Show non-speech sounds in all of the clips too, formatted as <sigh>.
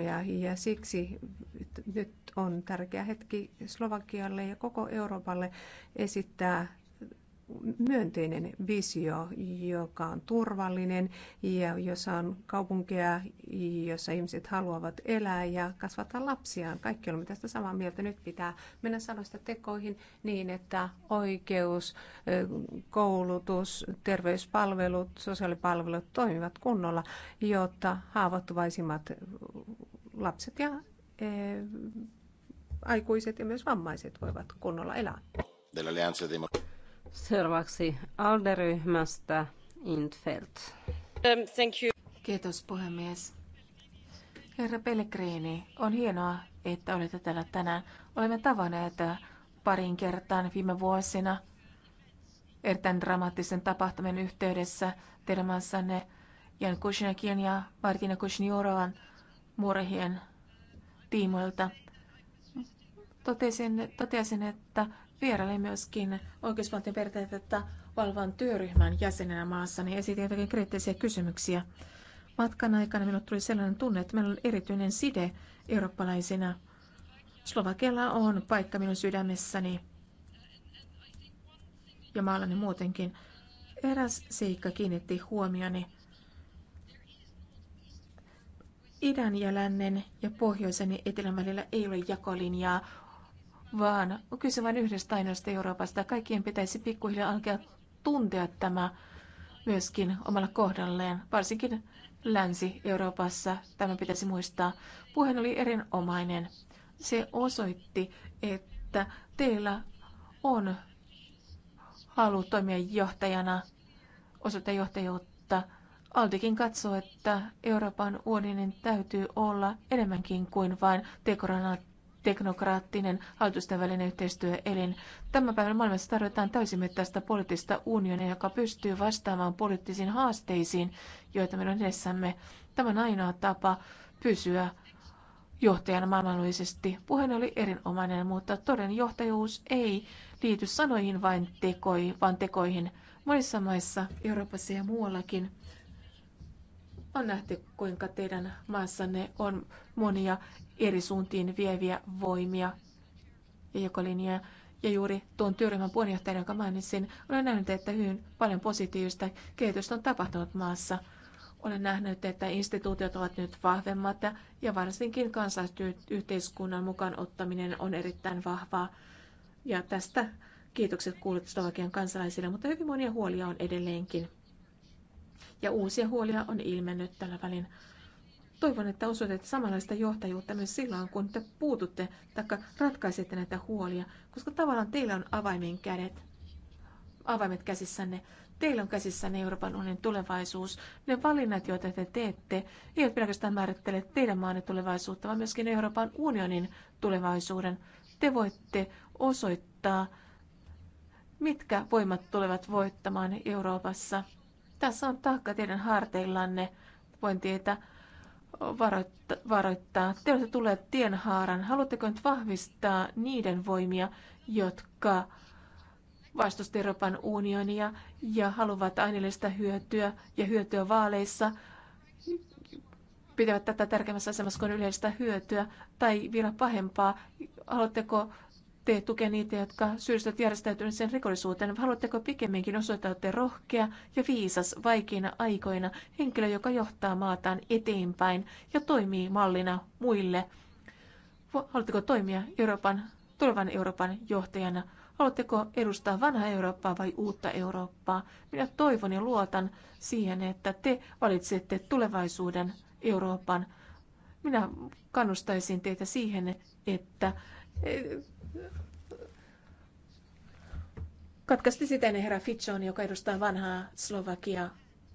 ja siksi nyt on tärkeä hetki Slovakialle ja koko Euroopalle esittää myönteinen visio, joka on turvallinen ja jossa on kaupunkeja, jossa ihmiset haluavat elää ja kasvattaa lapsiaan. Kaikki olemme tästä samaa mieltä. Nyt pitää mennä sanoista tekoihin niin, että oikeus, koulutus, terveyspalvelut, sosiaalipalvelut toimivat kunnolla, jotta haavoittuvaisimmat lapset ja aikuiset ja myös vammaiset voivat kunnolla elää. Seuraavaksi Alderyhmästä Intfeldt. Um, Kiitos puhemies. Herra Pellegrini, on hienoa, että olette täällä tänään. Olemme tavanneet parin kertaan viime vuosina erittäin dramaattisen tapahtumien yhteydessä teidän Jan Kushinakin ja Martina Kushniorovan murhien tiimoilta. Totesin, totesin, että vieraili myöskin oikeusvaltion periaatteita valvan työryhmän jäsenenä maassani ja esitin jotakin kriittisiä kysymyksiä. Matkan aikana minulle tuli sellainen tunne, että meillä on erityinen side eurooppalaisina. Slovakialla on paikka minun sydämessäni ja maallani muutenkin. Eräs seikka kiinnitti huomioni. Idän ja lännen ja pohjoisen ja etelän välillä ei ole jakolinjaa vaan on kyse vain yhdestä ainoasta Euroopasta. Kaikkien pitäisi pikkuhiljaa alkaa tuntea tämä myöskin omalla kohdalleen, varsinkin Länsi-Euroopassa. Tämä pitäisi muistaa. Puheen oli erinomainen. Se osoitti, että teillä on halu toimia johtajana, osoittaa johtajuutta. Aldikin katsoo, että Euroopan unionin täytyy olla enemmänkin kuin vain tekoranat teknokraattinen hallitusten välinen yhteistyöelin. Tämän päivän maailmassa tarvitaan täysimittaista poliittista unionia, joka pystyy vastaamaan poliittisiin haasteisiin, joita meillä on edessämme. Tämä on ainoa tapa pysyä johtajana maailmanlaajuisesti. Puheen oli erinomainen, mutta toden johtajuus ei liity sanoihin vain tekoihin, vaan tekoihin. Monissa maissa, Euroopassa ja muuallakin on nähty, kuinka teidän maassanne on monia eri suuntiin vieviä voimia ja jakolinjaa. Ja juuri tuon työryhmän puheenjohtajan, jonka mainitsin, olen nähnyt, että hyvin paljon positiivista kehitystä on tapahtunut maassa. Olen nähnyt, että instituutiot ovat nyt vahvemmat ja varsinkin kansalaisyhteiskunnan mukaan ottaminen on erittäin vahvaa. Ja tästä kiitokset kuulut Slovakian kansalaisille, mutta hyvin monia huolia on edelleenkin. Ja uusia huolia on ilmennyt tällä välin. Toivon, että osoitatte samanlaista johtajuutta myös silloin, kun te puututte tai ratkaisette näitä huolia, koska tavallaan teillä on avaimen kädet, avaimet käsissänne. Teillä on käsissänne Euroopan unionin tulevaisuus. Ne valinnat, joita te teette, eivät pelkästään määrittele teidän maanne tulevaisuutta, vaan myöskin Euroopan unionin tulevaisuuden. Te voitte osoittaa, mitkä voimat tulevat voittamaan Euroopassa. Tässä on taakka teidän harteillanne. Voin tietää, varoittaa. Teiltä tulee tienhaaran. Haluatteko nyt vahvistaa niiden voimia, jotka vastusti Euroopan unionia ja haluavat aineellista hyötyä ja hyötyä vaaleissa, pitävät tätä tärkeimmässä asemassa kuin yleistä hyötyä, tai vielä pahempaa, haluatteko te tukee niitä, jotka syyllistyvät järjestäytyneeseen rikollisuuteen? Haluatteko pikemminkin osoittautua rohkea ja viisas vaikeina aikoina henkilö, joka johtaa maataan eteenpäin ja toimii mallina muille? Haluatteko toimia Euroopan, tulevan Euroopan johtajana? Haluatteko edustaa vanhaa Eurooppaa vai uutta Eurooppaa? Minä toivon ja luotan siihen, että te valitsette tulevaisuuden Euroopan. Minä kannustaisin teitä siihen, että katkaisti siten herra Fitchon, joka edustaa vanhaa Slovakia,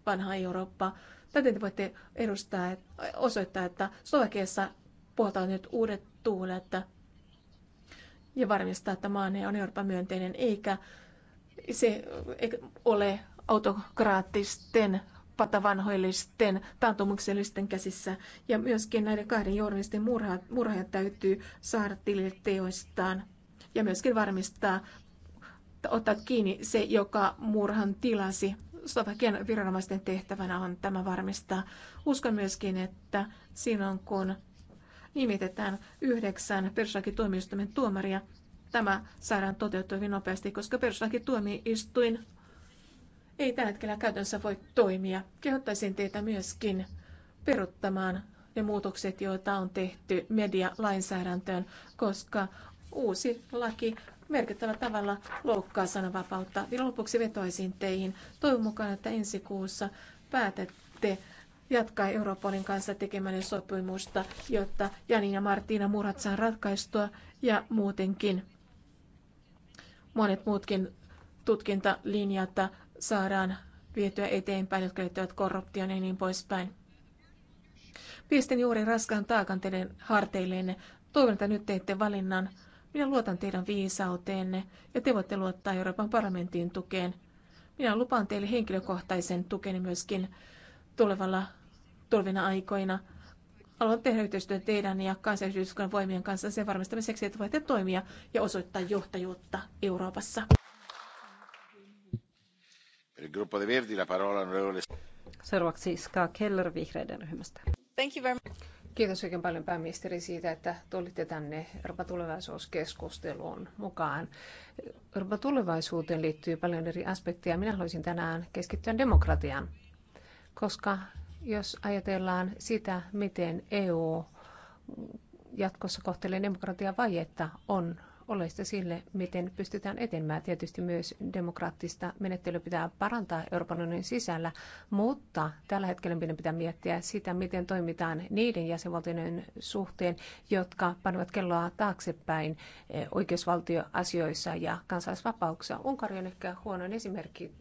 vanhaa Eurooppaa. Täten te voitte edustaa, osoittaa, että Slovakiassa puhutaan nyt uudet tuulet ja varmistaa, että maane on Euroopan myönteinen, eikä se ole autokraattisten patavanhoillisten taantumuksellisten käsissä. Ja myöskin näiden kahden journalistin murha, täytyy saada tilille teoistaan. Ja myöskin varmistaa, ottaa kiinni se, joka murhan tilasi. Slovakian viranomaisten tehtävänä on tämä varmistaa. Uskon myöskin, että silloin kun nimitetään yhdeksän perustuslakituomioistuimen tuomaria, tämä saadaan toteutua hyvin nopeasti, koska perustuslakituomioistuin ei tällä hetkellä käytännössä voi toimia. Kehottaisin teitä myöskin peruttamaan ne muutokset, joita on tehty medialainsäädäntöön, koska uusi laki merkittävällä tavalla loukkaa sananvapautta. Vielä lopuksi vetoisin teihin. Toivon mukaan, että ensi kuussa päätätte jatkaa Europolin kanssa tekemänne sopimusta, jotta Janina ja Martina murhat saa ratkaistua ja muutenkin monet muutkin tutkintalinjat saadaan vietyä eteenpäin, jotka liittyvät korruptioon ja niin poispäin. Pistin juuri raskaan taakan teidän harteilleenne. Toivon, että nyt teette valinnan. Minä luotan teidän viisauteenne ja te voitte luottaa Euroopan parlamentin tukeen. Minä lupaan teille henkilökohtaisen tukeni myöskin tulevalla, tulvina aikoina. Haluan tehdä yhteistyötä teidän ja kansallisyyskunnan voimien kanssa sen varmistamiseksi, että voitte toimia ja osoittaa johtajuutta Euroopassa. Seuraavaksi Ska Keller vihreiden ryhmästä. Thank you very much. Kiitos oikein paljon pääministeri siitä, että tulitte tänne Euroopan tulevaisuuskeskusteluun mukaan. Euroopan tulevaisuuteen liittyy paljon eri aspekteja. Minä haluaisin tänään keskittyä demokratiaan, koska jos ajatellaan sitä, miten EU jatkossa kohtelee demokratiavajetta, on oleista sille, miten pystytään etenemään. Tietysti myös demokraattista menettelyä pitää parantaa Euroopan unionin sisällä, mutta tällä hetkellä meidän pitää miettiä sitä, miten toimitaan niiden jäsenvaltioiden suhteen, jotka panevat kelloa taaksepäin eh, oikeusvaltioasioissa ja kansalaisvapauksissa. Unkari on ehkä huono esimerkki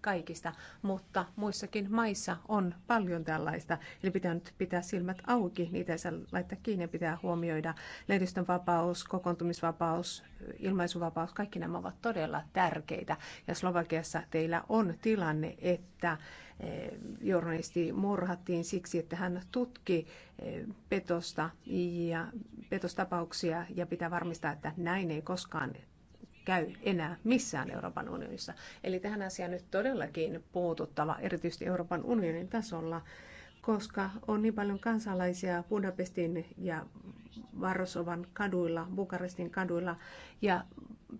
kaikista, mutta muissakin maissa on paljon tällaista. Eli pitää nyt pitää silmät auki, niitä ei saa laittaa kiinni, pitää huomioida lehdistön vapaus, kokoontumisvapaus, ilmaisuvapaus, kaikki nämä ovat todella tärkeitä. Ja Slovakiassa teillä on tilanne, että eh, journalisti murhattiin siksi, että hän tutki eh, petosta ja petostapauksia ja pitää varmistaa, että näin ei koskaan käy enää missään Euroopan unionissa. Eli tähän asiaan nyt todellakin puututtava, erityisesti Euroopan unionin tasolla, koska on niin paljon kansalaisia Budapestin ja Varsovan kaduilla, Bukarestin kaduilla, ja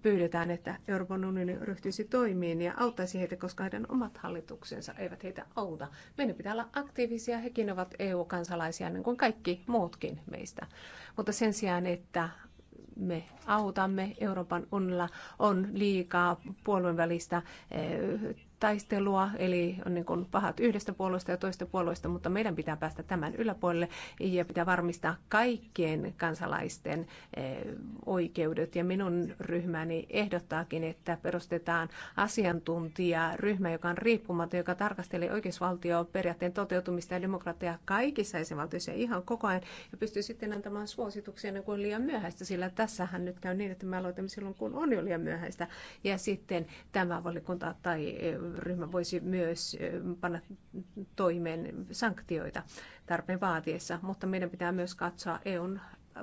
pyydetään, että Euroopan unioni ryhtyisi toimiin ja auttaisi heitä, koska heidän omat hallituksensa eivät heitä auta. Meidän pitää olla aktiivisia, hekin ovat EU-kansalaisia, niin kuin kaikki muutkin meistä. Mutta sen sijaan, että me autamme. Euroopan unilla on liikaa puolueen välistä eh, taistelua, eli on niin kuin pahat yhdestä puolueesta ja toista puolueesta, mutta meidän pitää päästä tämän yläpuolelle ja pitää varmistaa kaikkien kansalaisten eh, oikeudet. Ja minun ryhmäni ehdottaakin, että perustetaan asiantuntijaryhmä, joka on riippumaton, joka tarkastelee oikeusvaltioperiaatteen toteutumista ja demokratiaa kaikissa esivaltioissa ihan koko ajan ja pystyy sitten antamaan suosituksia ennen kuin liian myöhäistä, sillä tässähän nyt käy niin, että me aloitamme silloin, kun on jo liian myöhäistä. Ja sitten tämä valikunta tai eh, ryhmä voisi myös panna toimeen sanktioita tarpeen vaatiessa, mutta meidän pitää myös katsoa EUn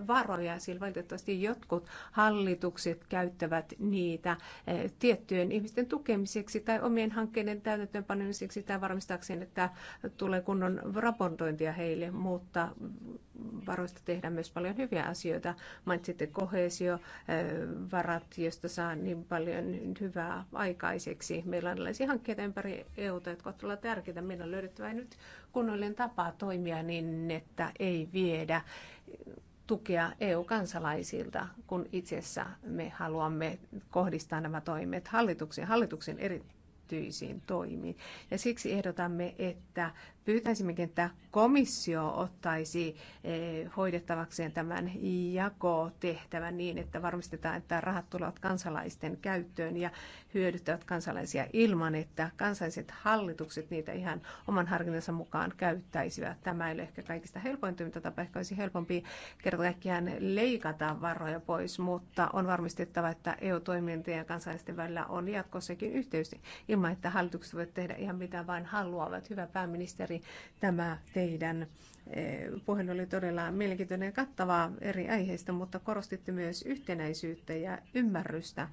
varoja, sillä valitettavasti jotkut hallitukset käyttävät niitä eh, tiettyjen ihmisten tukemiseksi tai omien hankkeiden täytäntöönpanemiseksi tai varmistaakseen, että tulee kunnon raportointia heille, mutta varoista tehdään myös paljon hyviä asioita. Mainitsitte kohesio, eh, varat, joista saa niin paljon hyvää aikaiseksi. Meillä on erilaisia hankkeita ympäri EUta, jotka ovat todella tärkeitä. Meidän on löydettävä nyt kunnollinen tapa toimia niin, että ei viedä tukea EU-kansalaisilta, kun itsessä me haluamme kohdistaa nämä toimet hallituksen, hallituksen erityisiin toimiin. Ja siksi ehdotamme, että Pyytäisimmekin, että komissio ottaisi eh, hoidettavakseen tämän jakotehtävän niin, että varmistetaan, että rahat tulevat kansalaisten käyttöön ja hyödyttävät kansalaisia ilman, että kansalliset hallitukset niitä ihan oman harkinnansa mukaan käyttäisivät. Tämä ei ole ehkä kaikista helpoin toimintatapa, ehkä olisi helpompi kerta kaikkiaan leikata varoja pois, mutta on varmistettava, että EU-toimintien ja kansalaisten välillä on jatkossakin yhteys ilman, että hallitukset voivat tehdä ihan mitä vain haluavat. Hyvä pääministeri, tämä teidän eh, puhelu oli todella mielenkiintoinen ja kattavaa eri aiheista, mutta korostitte myös yhtenäisyyttä ja ymmärrystä.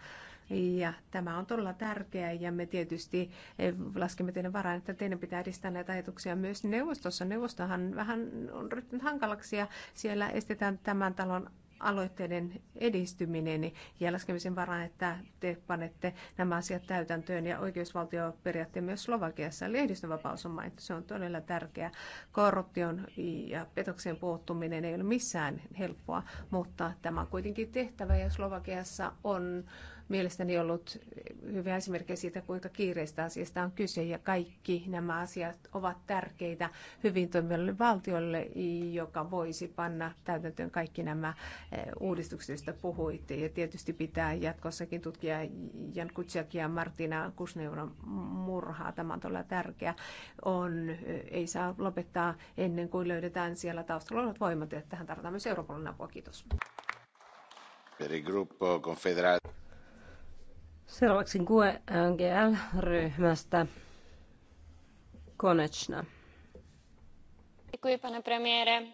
Ja tämä on todella tärkeää ja me tietysti eh, laskemme teidän varaan, että teidän pitää edistää näitä ajatuksia myös neuvostossa. Neuvostohan vähän on ryhtynyt hankalaksi ja siellä estetään tämän talon aloitteiden edistyminen ja laskemisen varaan, että te panette nämä asiat täytäntöön ja oikeusvaltioperiaatteen myös Slovakiassa. Lehdistönvapaus on mainittu, se on todella tärkeä. Korruption ja petoksen puuttuminen ei ole missään helppoa, mutta tämä on kuitenkin tehtävä ja Slovakiassa on mielestäni ollut hyvä esimerkkejä siitä, kuinka kiireistä asiasta on kyse ja kaikki nämä asiat ovat tärkeitä hyvin toimivalle valtiolle, joka voisi panna täytäntöön kaikki nämä eh, uudistukset, joista puhuitte. Ja tietysti pitää jatkossakin tutkia Jan Kutsiak ja Martina Kusneuron murhaa. Tämä on todella tärkeä. On, eh, ei saa lopettaa ennen kuin löydetään siellä taustalla olevat voimat. Ja tähän tarvitaan myös Euroopan apua. Kiitos. Per il gruppo Seuraavaksi GUE NGL-ryhmästä Konechna. premiere.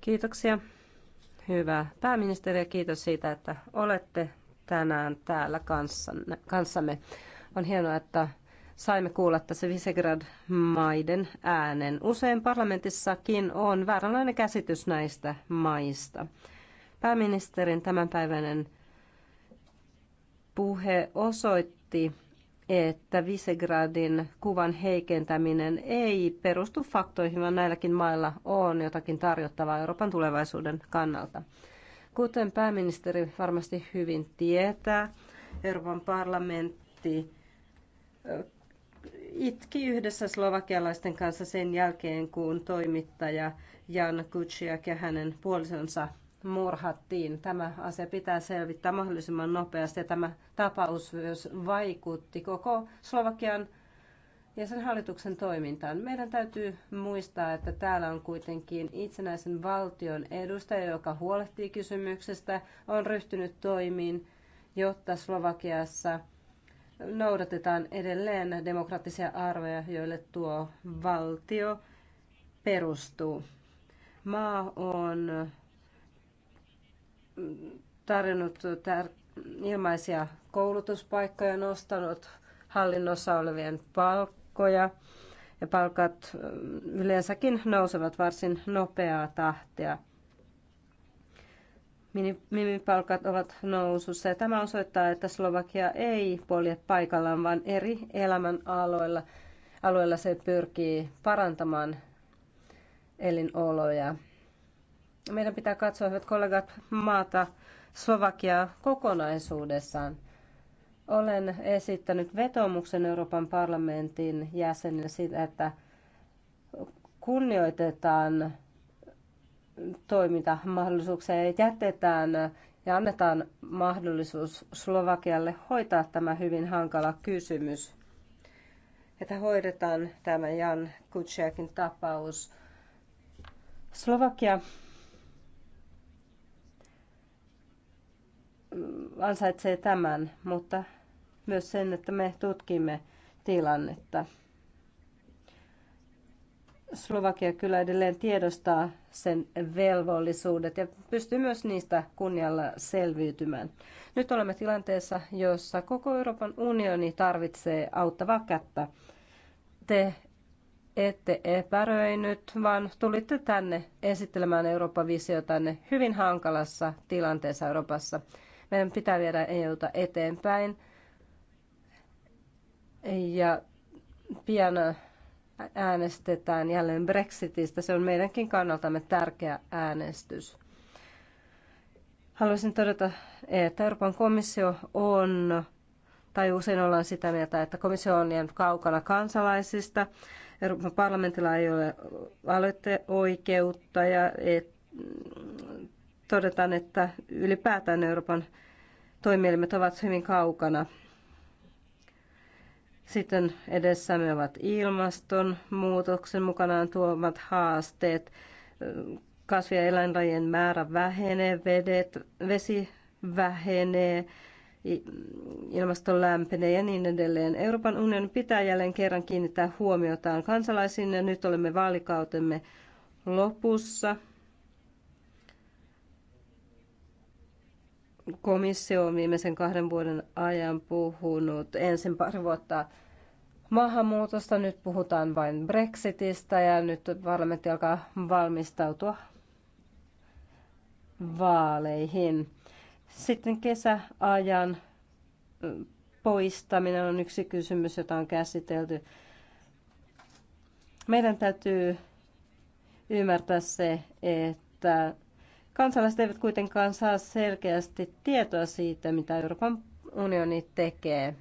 Kiitoksia. Hyvä pääministeri ja kiitos siitä, että olette tänään täällä kanssamme. On hienoa, että saimme kuulla tässä Visegrad-maiden äänen. Usein parlamentissakin on vääränlainen käsitys näistä maista. Pääministerin tämänpäiväinen puhe osoitti, että Visegradin kuvan heikentäminen ei perustu faktoihin, vaan näilläkin mailla on jotakin tarjottavaa Euroopan tulevaisuuden kannalta. Kuten pääministeri varmasti hyvin tietää, Euroopan parlamentti itki yhdessä slovakialaisten kanssa sen jälkeen, kun toimittaja Jan Kuciak ja hänen puolisonsa murhattiin. Tämä asia pitää selvittää mahdollisimman nopeasti ja tämä tapaus myös vaikutti koko Slovakian ja sen hallituksen toimintaan. Meidän täytyy muistaa, että täällä on kuitenkin itsenäisen valtion edustaja, joka huolehtii kysymyksestä, on ryhtynyt toimiin, jotta Slovakiassa noudatetaan edelleen demokraattisia arvoja, joille tuo valtio perustuu. Maa on tarjonnut ilmaisia koulutuspaikkoja, nostanut hallinnossa olevien palkkoja ja palkat yleensäkin nousevat varsin nopeaa tahtia. Minimipalkat ovat nousussa ja tämä osoittaa, että Slovakia ei polje paikallaan, vaan eri elämän aloilla, alueella se pyrkii parantamaan elinoloja. Meidän pitää katsoa, hyvät kollegat, maata Slovakiaa kokonaisuudessaan. Olen esittänyt vetomuksen Euroopan parlamentin jäsenille siitä, että kunnioitetaan toimintamahdollisuuksia ja jätetään ja annetaan mahdollisuus Slovakialle hoitaa tämä hyvin hankala kysymys. Että hoidetaan tämä Jan Kutsiakin tapaus. Slovakia ansaitsee tämän, mutta myös sen, että me tutkimme tilannetta. Slovakia kyllä edelleen tiedostaa sen velvollisuudet ja pystyy myös niistä kunnialla selviytymään. Nyt olemme tilanteessa, jossa koko Euroopan unioni tarvitsee auttavaa kättä. Te ette epäröinyt, vaan tulitte tänne esittelemään eurooppa tänne hyvin hankalassa tilanteessa Euroopassa – meidän pitää viedä EUta eteenpäin ja pian äänestetään jälleen Brexitistä. Se on meidänkin kannaltamme tärkeä äänestys. Haluaisin todeta, että Euroopan komissio on, tai usein ollaan sitä mieltä, että komissio on jäänyt kaukana kansalaisista. Euroopan parlamentilla ei ole aloitteoikeutta ja et, todetaan, että ylipäätään Euroopan toimielimet ovat hyvin kaukana. Sitten edessämme ovat ilmastonmuutoksen mukanaan tuomat haasteet, kasvi- ja eläinlajien määrä vähenee, vedet, vesi vähenee, ilmaston lämpenee ja niin edelleen. Euroopan unionin pitää jälleen kerran kiinnittää huomiotaan kansalaisiin ja nyt olemme vaalikautemme lopussa. komissio on viimeisen kahden vuoden ajan puhunut ensin pari vuotta maahanmuutosta, nyt puhutaan vain Brexitistä ja nyt parlamentti alkaa valmistautua vaaleihin. Sitten kesäajan poistaminen on yksi kysymys, jota on käsitelty. Meidän täytyy ymmärtää se, että Kansalaiset eivät kuitenkaan saa selkeästi tietoa siitä, mitä Euroopan unioni tekee.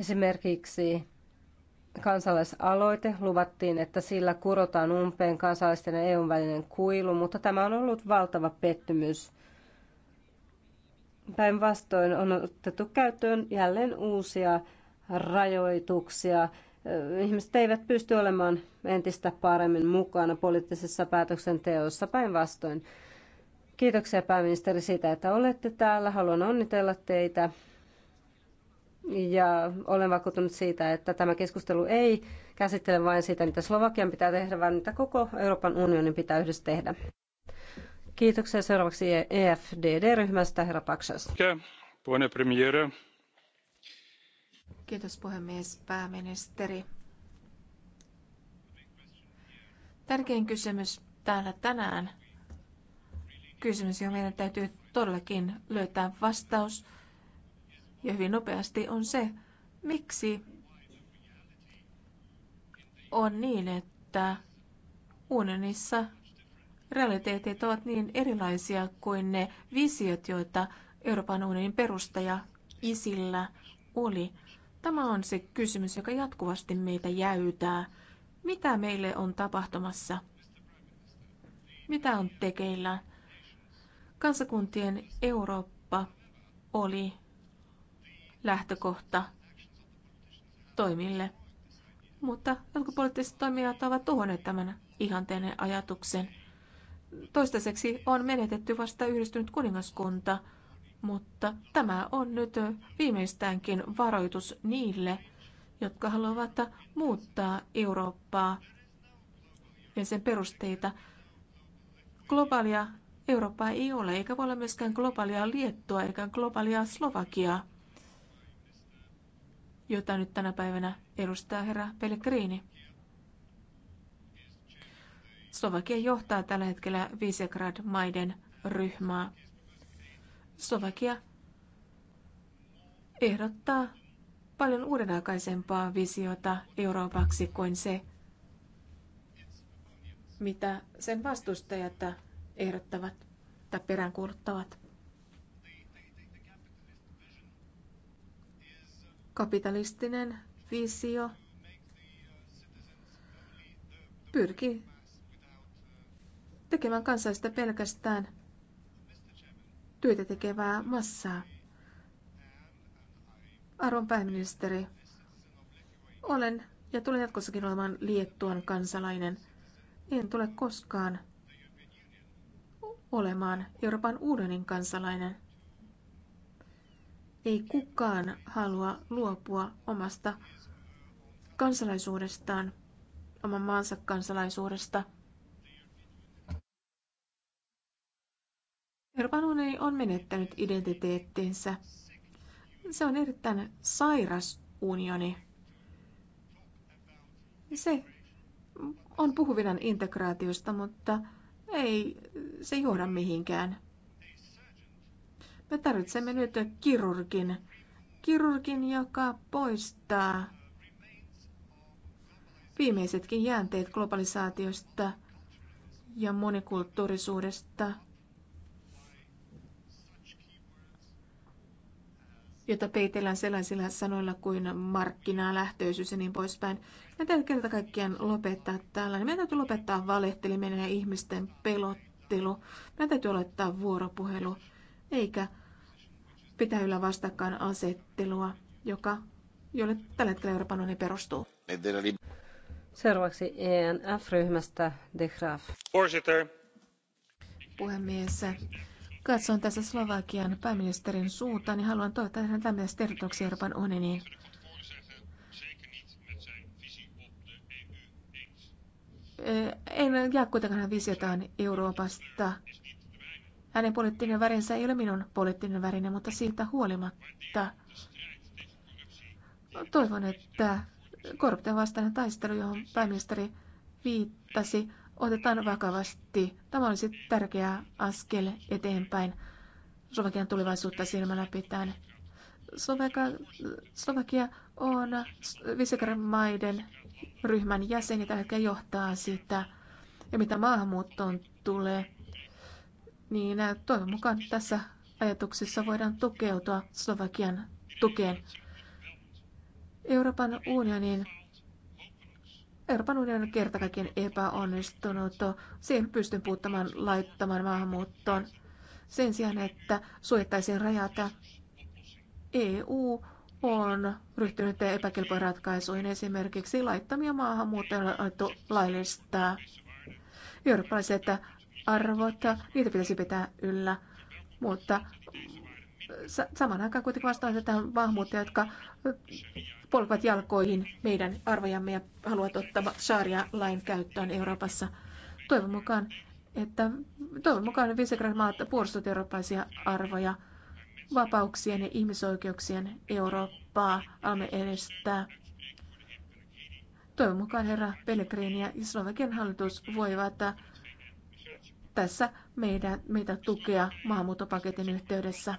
Esimerkiksi kansalaisaloite luvattiin, että sillä kurotaan umpeen kansalaisten ja EUn välinen kuilu, mutta tämä on ollut valtava pettymys. Päinvastoin on otettu käyttöön jälleen uusia rajoituksia ihmiset eivät pysty olemaan entistä paremmin mukana poliittisessa päätöksenteossa päinvastoin. Kiitoksia pääministeri siitä, että olette täällä. Haluan onnitella teitä. Ja olen vakuuttunut siitä, että tämä keskustelu ei käsittele vain sitä, mitä Slovakian pitää tehdä, vaan mitä koko Euroopan unionin pitää yhdessä tehdä. Kiitoksia seuraavaksi EFDD-ryhmästä, herra Paksas. Puhemies, Kiitos puhemies, pääministeri. Tärkein kysymys täällä tänään, kysymys, johon meidän täytyy todellakin löytää vastaus ja hyvin nopeasti, on se, miksi on niin, että unionissa realiteetit ovat niin erilaisia kuin ne visiot, joita Euroopan unionin perustaja isillä oli. Tämä on se kysymys, joka jatkuvasti meitä jäytää. Mitä meille on tapahtumassa? Mitä on tekeillä? Kansakuntien Eurooppa oli lähtökohta toimille, mutta jotkut poliittiset toimijat ovat tuhonneet tämän ihanteinen ajatuksen. Toistaiseksi on menetetty vasta yhdistynyt kuningaskunta – mutta tämä on nyt viimeistäänkin varoitus niille, jotka haluavat muuttaa Eurooppaa ja sen perusteita. Globaalia Eurooppaa ei ole, eikä voi olla myöskään globaalia Liettua eikä globaalia Slovakiaa, jota nyt tänä päivänä edustaa herra Pellegrini. Slovakia johtaa tällä hetkellä Visegrad-maiden ryhmää. Slovakia ehdottaa paljon uudenaikaisempaa visiota Euroopaksi kuin se, mitä sen vastustajat ehdottavat tai peräänkuuluttavat. Kapitalistinen visio pyrkii tekemään kansallista pelkästään työtä tekevää massaa. Arvon pääministeri, olen ja tulen jatkossakin olemaan Liettuan kansalainen. En tule koskaan olemaan Euroopan unionin kansalainen. Ei kukaan halua luopua omasta kansalaisuudestaan, oman maansa kansalaisuudesta – Euroopan unioni on menettänyt identiteettinsä. Se on erittäin sairas unioni. Se on puhuvinan integraatiosta, mutta ei se johda mihinkään. Me tarvitsemme nyt kirurgin. Kirurgin, joka poistaa viimeisetkin jäänteet globalisaatiosta ja monikulttuurisuudesta – jota peitellään sellaisilla sanoilla kuin markkinalähtöisyys ja niin poispäin. Me täytyy kerta kaikkiaan lopettaa tällainen. Meidän täytyy lopettaa valehteleminen ja ihmisten pelottelu. Meidän täytyy aloittaa vuoropuhelu, eikä pitää yllä vastakkain asettelua, joka, jolle tällä hetkellä Euroopan unioni perustuu. Seuraavaksi ENF-ryhmästä De Graaf. Puhemies, katson tässä Slovakian pääministerin suuntaan, niin haluan toivottaa hänen tämmöistä tervetulleeksi Euroopan unioniin. En jää kuitenkaan visiotaan Euroopasta. Hänen poliittinen värinsä ei ole minun poliittinen värini, mutta siitä huolimatta toivon, että korruption vastainen taistelu, johon pääministeri viittasi, otetaan vakavasti. Tämä olisi tärkeä askel eteenpäin Slovakian tulevaisuutta silmällä pitäen. Slovakia, Slovakia on Visegrad maiden ryhmän jäseni ja tällä hetkellä johtaa sitä. Ja mitä maahanmuuttoon tulee, niin toivon mukaan tässä ajatuksessa voidaan tukeutua Slovakian tukeen. Euroopan unionin Euroopan unioni on kerta kaiken epäonnistunut. Se ei pysty puuttamaan laittamaan maahanmuuttoon. Sen sijaan, että suojattaisiin rajata, EU on ryhtynyt epäkelpoihin ratkaisuihin. Esimerkiksi laittamia maahanmuuttajia on alettu laillistaa. Eurooppalaiset arvot, niitä pitäisi pitää yllä, mutta samaan aikaan kuitenkin vastaanotetaan maahanmuuttajia, jotka polkivat jalkoihin meidän arvojamme ja haluavat ottaa saaria-lain käyttöön Euroopassa. Toivon mukaan, että toivon mukaan Visegrad maat puolustavat eurooppalaisia arvoja, vapauksien ja ihmisoikeuksien Eurooppaa alamme edistää. Toivon mukaan herra Pellegrini ja Slovakian hallitus voivat tässä meidän, meitä tukea maahanmuuttopaketin yhteydessä.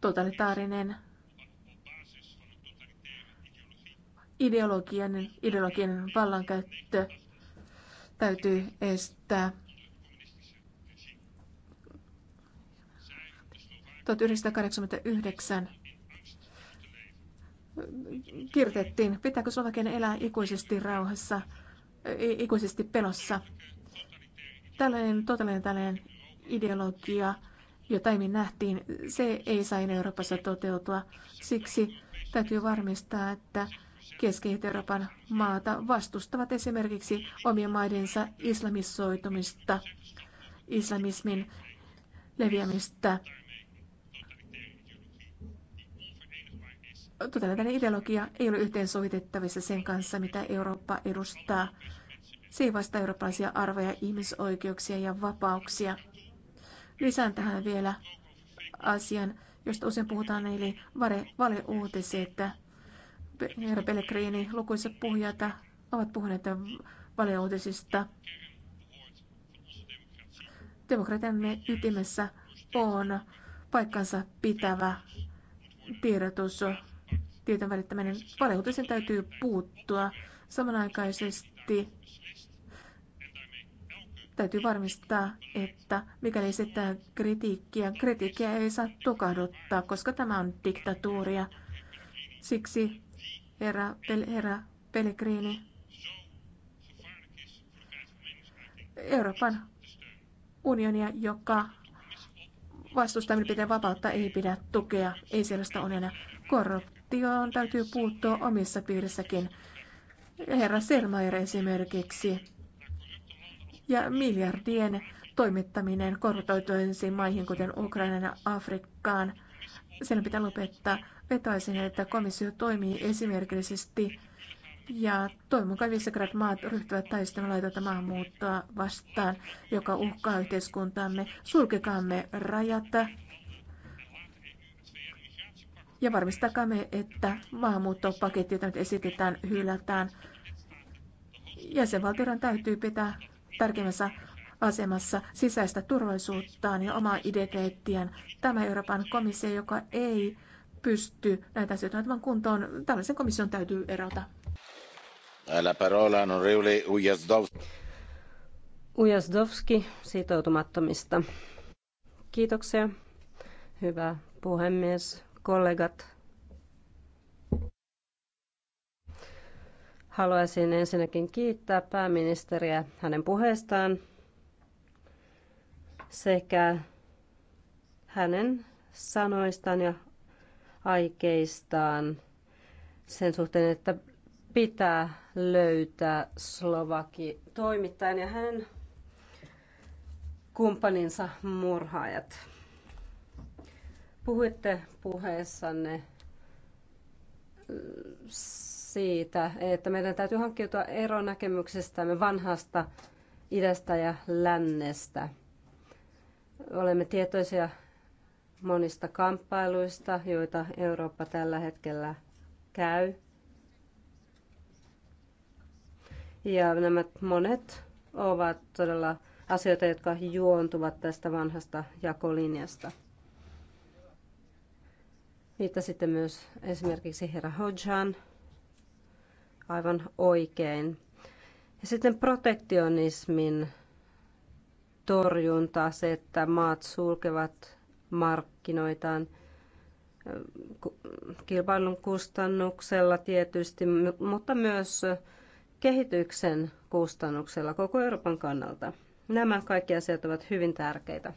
totalitaarinen ideologinen ideologinen vallankäyttö täytyy estää. 1989 kirjoitettiin, pitääkö Slovakian elää ikuisesti rauhassa, ikuisesti pelossa. Tällainen totaalinen tällainen ideologia jota aiemmin nähtiin, se ei saa Euroopassa toteutua. Siksi täytyy varmistaa, että Keski-Euroopan maata vastustavat esimerkiksi omien maidensa islamissoitumista, islamismin leviämistä. Toteutetainen ideologia ei ole yhteensovitettavissa sen kanssa, mitä Eurooppa edustaa. Se ei vastaa eurooppalaisia arvoja, ihmisoikeuksia ja vapauksia. Lisään tähän vielä asian, josta usein puhutaan, eli vale, valeuutiset. Herra Pellegrini, lukuisat puhujat ovat puhuneet valeuutisista. Demokratiamme ytimessä on paikkansa pitävä tiedotus, tiedon välittäminen. Valeuutisen täytyy puuttua. Samanaikaisesti Täytyy varmistaa, että mikäli esittää kritiikkiä, kritiikkiä ei saa tukahduttaa, koska tämä on diktatuuria. Siksi herra, herra Pellegrini, Euroopan unionia, joka vastustaa mielipiteen vapautta, ei pidä tukea, ei sellaista unionia. Korruptioon täytyy puuttua omissa piirissäkin. Herra Selmayr esimerkiksi ja miljardien toimittaminen korruptoituisiin maihin, kuten Ukrainaan ja Afrikkaan. Sen pitää lopettaa. Vetoaisin, että komissio toimii esimerkillisesti ja toivon mukaan Visegrad maat ryhtyvät taistelemaan laitonta maahanmuuttoa vastaan, joka uhkaa yhteiskuntaamme. Sulkekaamme rajat ja varmistakaamme, että maahanmuuttopaketti, jota nyt esitetään, hylätään. Jäsenvaltioiden täytyy pitää tärkeimmässä asemassa sisäistä turvallisuuttaan ja omaa identiteettiään. Tämä Euroopan komissio, joka ei pysty näitä asioita hoitamaan kuntoon, tällaisen komission täytyy erota. La parola Ujazdowski sitoutumattomista. Kiitoksia, hyvä puhemies, kollegat. Haluaisin ensinnäkin kiittää pääministeriä hänen puheestaan sekä hänen sanoistaan ja aikeistaan sen suhteen, että pitää löytää Slovaki toimittajan ja hänen kumppaninsa murhaajat. Puhuitte puheessanne siitä, että meidän täytyy hankkiutua näkemyksestämme vanhasta idästä ja lännestä. Olemme tietoisia monista kamppailuista, joita Eurooppa tällä hetkellä käy. Ja nämä monet ovat todella asioita, jotka juontuvat tästä vanhasta jakolinjasta. Viittasitte myös esimerkiksi herra Hodjan aivan oikein. Ja sitten protektionismin torjunta, se, että maat sulkevat markkinoitaan kilpailun kustannuksella tietysti, mutta myös kehityksen kustannuksella koko Euroopan kannalta. Nämä kaikki asiat ovat hyvin tärkeitä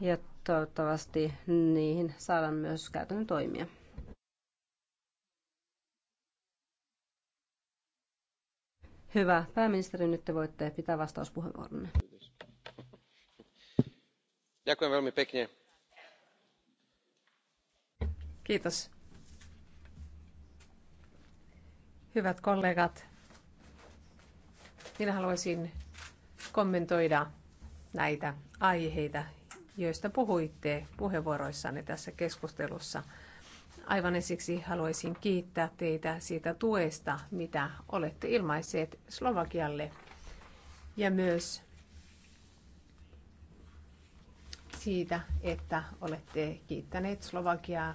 ja toivottavasti niihin saadaan myös käytännön toimia. Hyvä. Pääministeri, nyt te voitte pitää vastauspuheenvuoronne. Kiitos. Hyvät kollegat, minä haluaisin kommentoida näitä aiheita, joista puhuitte puheenvuoroissanne tässä keskustelussa. Aivan ensiksi haluaisin kiittää teitä siitä tuesta, mitä olette ilmaisseet Slovakialle ja myös siitä, että olette kiittäneet Slovakiaa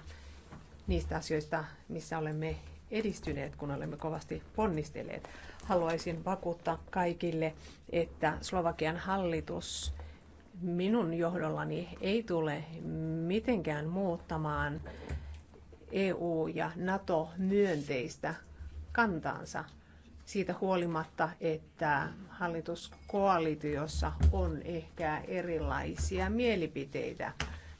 niistä asioista, missä olemme edistyneet, kun olemme kovasti ponnistelleet. Haluaisin vakuuttaa kaikille, että Slovakian hallitus minun johdollani ei tule mitenkään muuttamaan EU- ja NATO-myönteistä kantaansa siitä huolimatta, että hallituskoalitiossa on ehkä erilaisia mielipiteitä.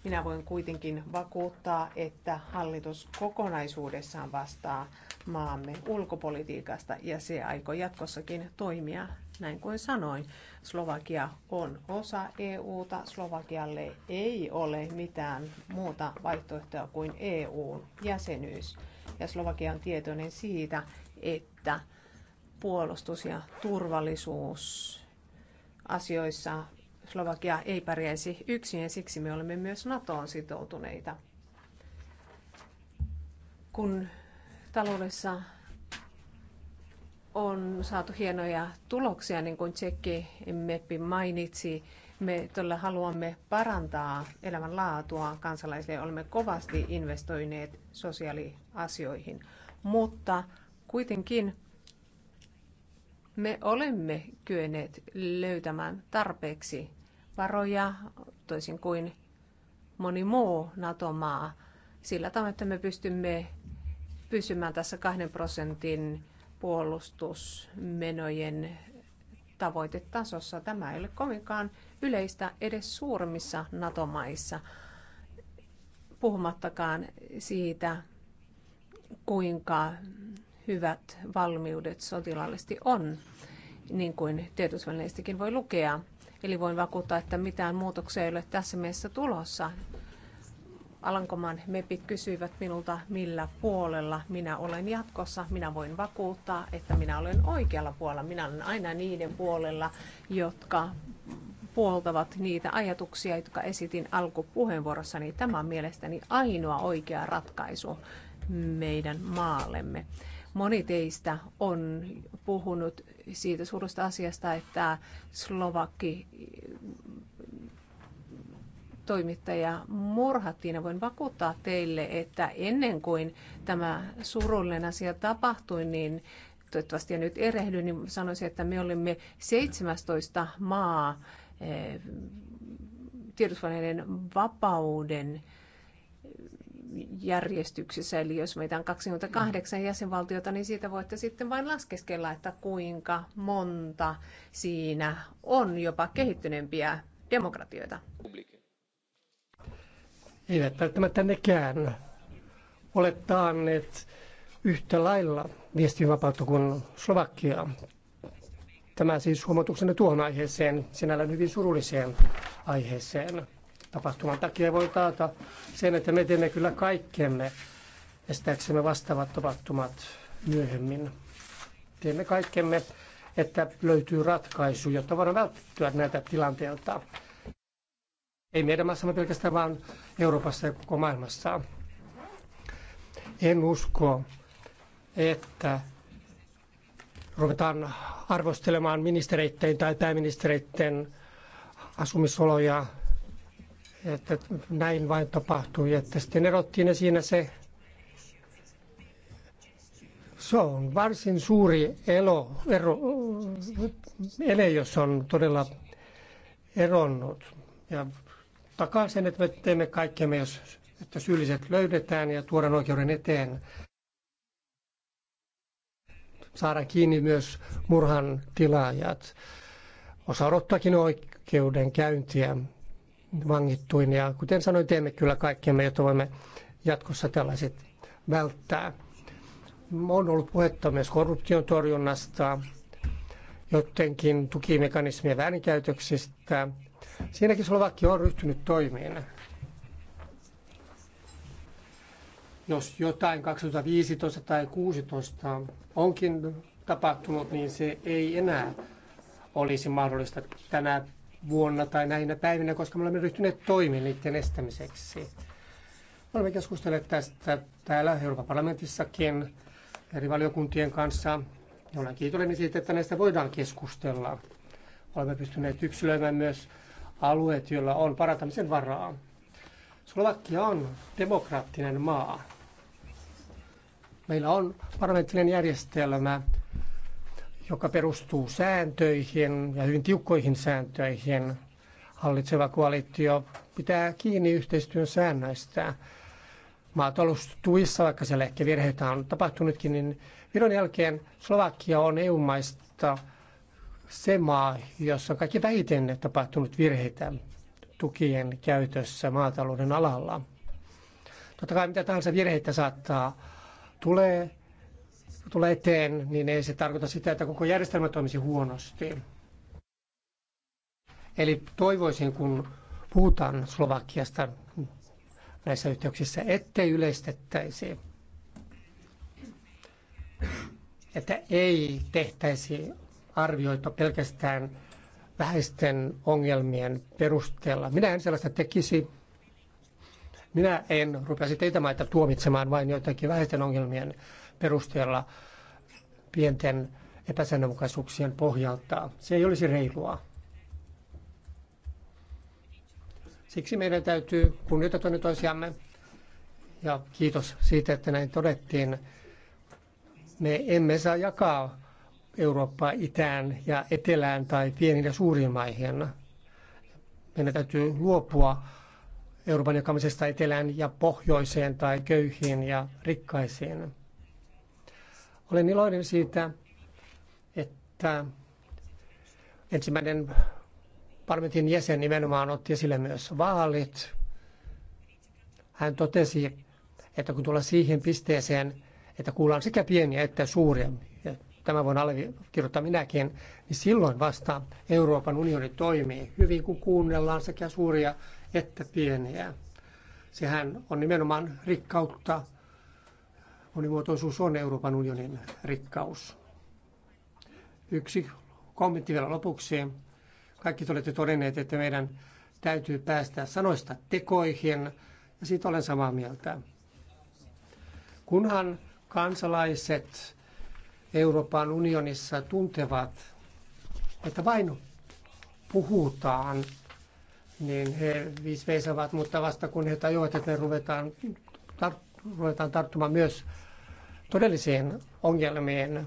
Minä voin kuitenkin vakuuttaa, että hallitus kokonaisuudessaan vastaa maamme ulkopolitiikasta ja se aikoo jatkossakin toimia näin kuin sanoin, Slovakia on osa EUta. Slovakialle ei ole mitään muuta vaihtoehtoa kuin EU-jäsenyys. Ja Slovakia on tietoinen siitä, että puolustus- ja turvallisuusasioissa Slovakia ei pärjäisi yksin ja siksi me olemme myös NATOon sitoutuneita. Kun taloudessa on saatu hienoja tuloksia, niin kuin Tsekki Meppi mainitsi. Me todella haluamme parantaa elämänlaatua kansalaisille. Olemme kovasti investoineet sosiaaliasioihin, mutta kuitenkin me olemme kyenneet löytämään tarpeeksi varoja, toisin kuin moni muu NATO-maa, sillä tavalla, että me pystymme pysymään tässä kahden prosentin puolustusmenojen tavoitetasossa. Tämä ei ole kovinkaan yleistä edes suurimmissa NATO-maissa, puhumattakaan siitä, kuinka hyvät valmiudet sotilaallisesti on, niin kuin tiedotusvälineistäkin voi lukea. Eli voin vakuuttaa, että mitään muutoksia ei ole tässä mielessä tulossa. Alankomaan mepit kysyivät minulta, millä puolella minä olen jatkossa. Minä voin vakuuttaa, että minä olen oikealla puolella. Minä olen aina niiden puolella, jotka puoltavat niitä ajatuksia, jotka esitin alkupuheenvuorossani. Tämä on mielestäni ainoa oikea ratkaisu meidän maallemme. Moni teistä on puhunut siitä suuresta asiasta, että Slovakki toimittaja murhattiin. Ja voin vakuuttaa teille, että ennen kuin tämä surullinen asia tapahtui, niin toivottavasti ja nyt erehdy, niin sanoisin, että me olimme 17 maa eh, tiedotusvälineiden vapauden eh, järjestyksessä. Eli jos meitä on 28 jäsenvaltiota, niin siitä voitte sitten vain laskeskella, että kuinka monta siinä on jopa kehittyneempiä demokratioita. Publikin eivät välttämättä nekään ole taanneet yhtä lailla viestinvapautta kuin Slovakia. Tämä siis huomautuksena tuohon aiheeseen, sinällään hyvin surulliseen aiheeseen. Tapahtuman takia voi taata sen, että me teemme kyllä kaikkemme estääksemme vastaavat tapahtumat myöhemmin. Teemme kaikkemme, että löytyy ratkaisu, jotta voidaan välttyä näitä tilanteilta. Ei meidän maassamme pelkästään, vaan Euroopassa ja koko maailmassa. En usko, että ruvetaan arvostelemaan ministereiden tai pääministereiden asumisoloja, että näin vain tapahtui, että sitten erottiin ja siinä se se on varsin suuri elo, ero, ele, jos on todella eronnut. Ja takaa sen, että me teemme kaikkemme, jos, että syylliset löydetään ja tuodaan oikeuden eteen. Saadaan kiinni myös murhan tilaajat. Osa odottaakin käyntiä vangittuin. Ja kuten sanoin, teemme kyllä kaikkemme, jotta voimme jatkossa tällaiset välttää. On ollut puhetta myös korruption torjunnasta, jotenkin tukimekanismien väärinkäytöksistä, Siinäkin Slovakia on ryhtynyt toimiin. Jos jotain 2015 tai 2016 onkin tapahtunut, niin se ei enää olisi mahdollista tänä vuonna tai näinä päivinä, koska me olemme ryhtyneet toimiin niiden estämiseksi. Olemme keskustelleet tästä täällä Euroopan parlamentissakin eri valiokuntien kanssa. Olen kiitollinen siitä, että näistä voidaan keskustella. Olemme pystyneet yksilöimään myös alueet, joilla on parantamisen varaa. Slovakia on demokraattinen maa. Meillä on parlamenttinen järjestelmä, joka perustuu sääntöihin ja hyvin tiukkoihin sääntöihin. Hallitseva koalitio pitää kiinni yhteistyön säännöistä. Maataloustuissa, vaikka siellä ehkä virheitä on tapahtunutkin, niin Viron jälkeen Slovakia on EU-maista se maa, jossa on kaikki vähiten tapahtunut virheitä tukien käytössä maatalouden alalla. Totta kai mitä tahansa virheitä saattaa tulee, tulee eteen, niin ei se tarkoita sitä, että koko järjestelmä toimisi huonosti. Eli toivoisin, kun puhutaan Slovakiasta näissä yhteyksissä, ettei yleistettäisi, että ei tehtäisi arvioitu pelkästään vähäisten ongelmien perusteella. Minä en sellaista tekisi. Minä en rupeaisi teitä maita tuomitsemaan vain joitakin vähäisten ongelmien perusteella pienten epäsäännönmukaisuuksien pohjalta. Se ei olisi reilua. Siksi meidän täytyy kunnioittaa toinen toisiamme. Ja kiitos siitä, että näin todettiin. Me emme saa jakaa Eurooppaa itään ja etelään tai pieniin ja suuriin maihin. Meidän täytyy luopua Euroopan jakamisesta etelään ja pohjoiseen tai köyhiin ja rikkaisiin. Olen iloinen siitä, että ensimmäinen parlamentin jäsen nimenomaan otti esille myös vaalit. Hän totesi, että kun tullaan siihen pisteeseen, että kuullaan sekä pieniä että suuria tämä voin allekirjoittaa minäkin, niin silloin vasta Euroopan unioni toimii hyvin, kun kuunnellaan sekä suuria että pieniä. Sehän on nimenomaan rikkautta. Monimuotoisuus on Euroopan unionin rikkaus. Yksi kommentti vielä lopuksi. Kaikki te olette todenneet, että meidän täytyy päästä sanoista tekoihin, ja siitä olen samaa mieltä. Kunhan kansalaiset Euroopan unionissa tuntevat, että vain puhutaan, niin he viisveisavat, mutta vasta kun he tajuavat, että me ruvetaan, tar- ruvetaan tarttumaan myös todellisiin ongelmiin,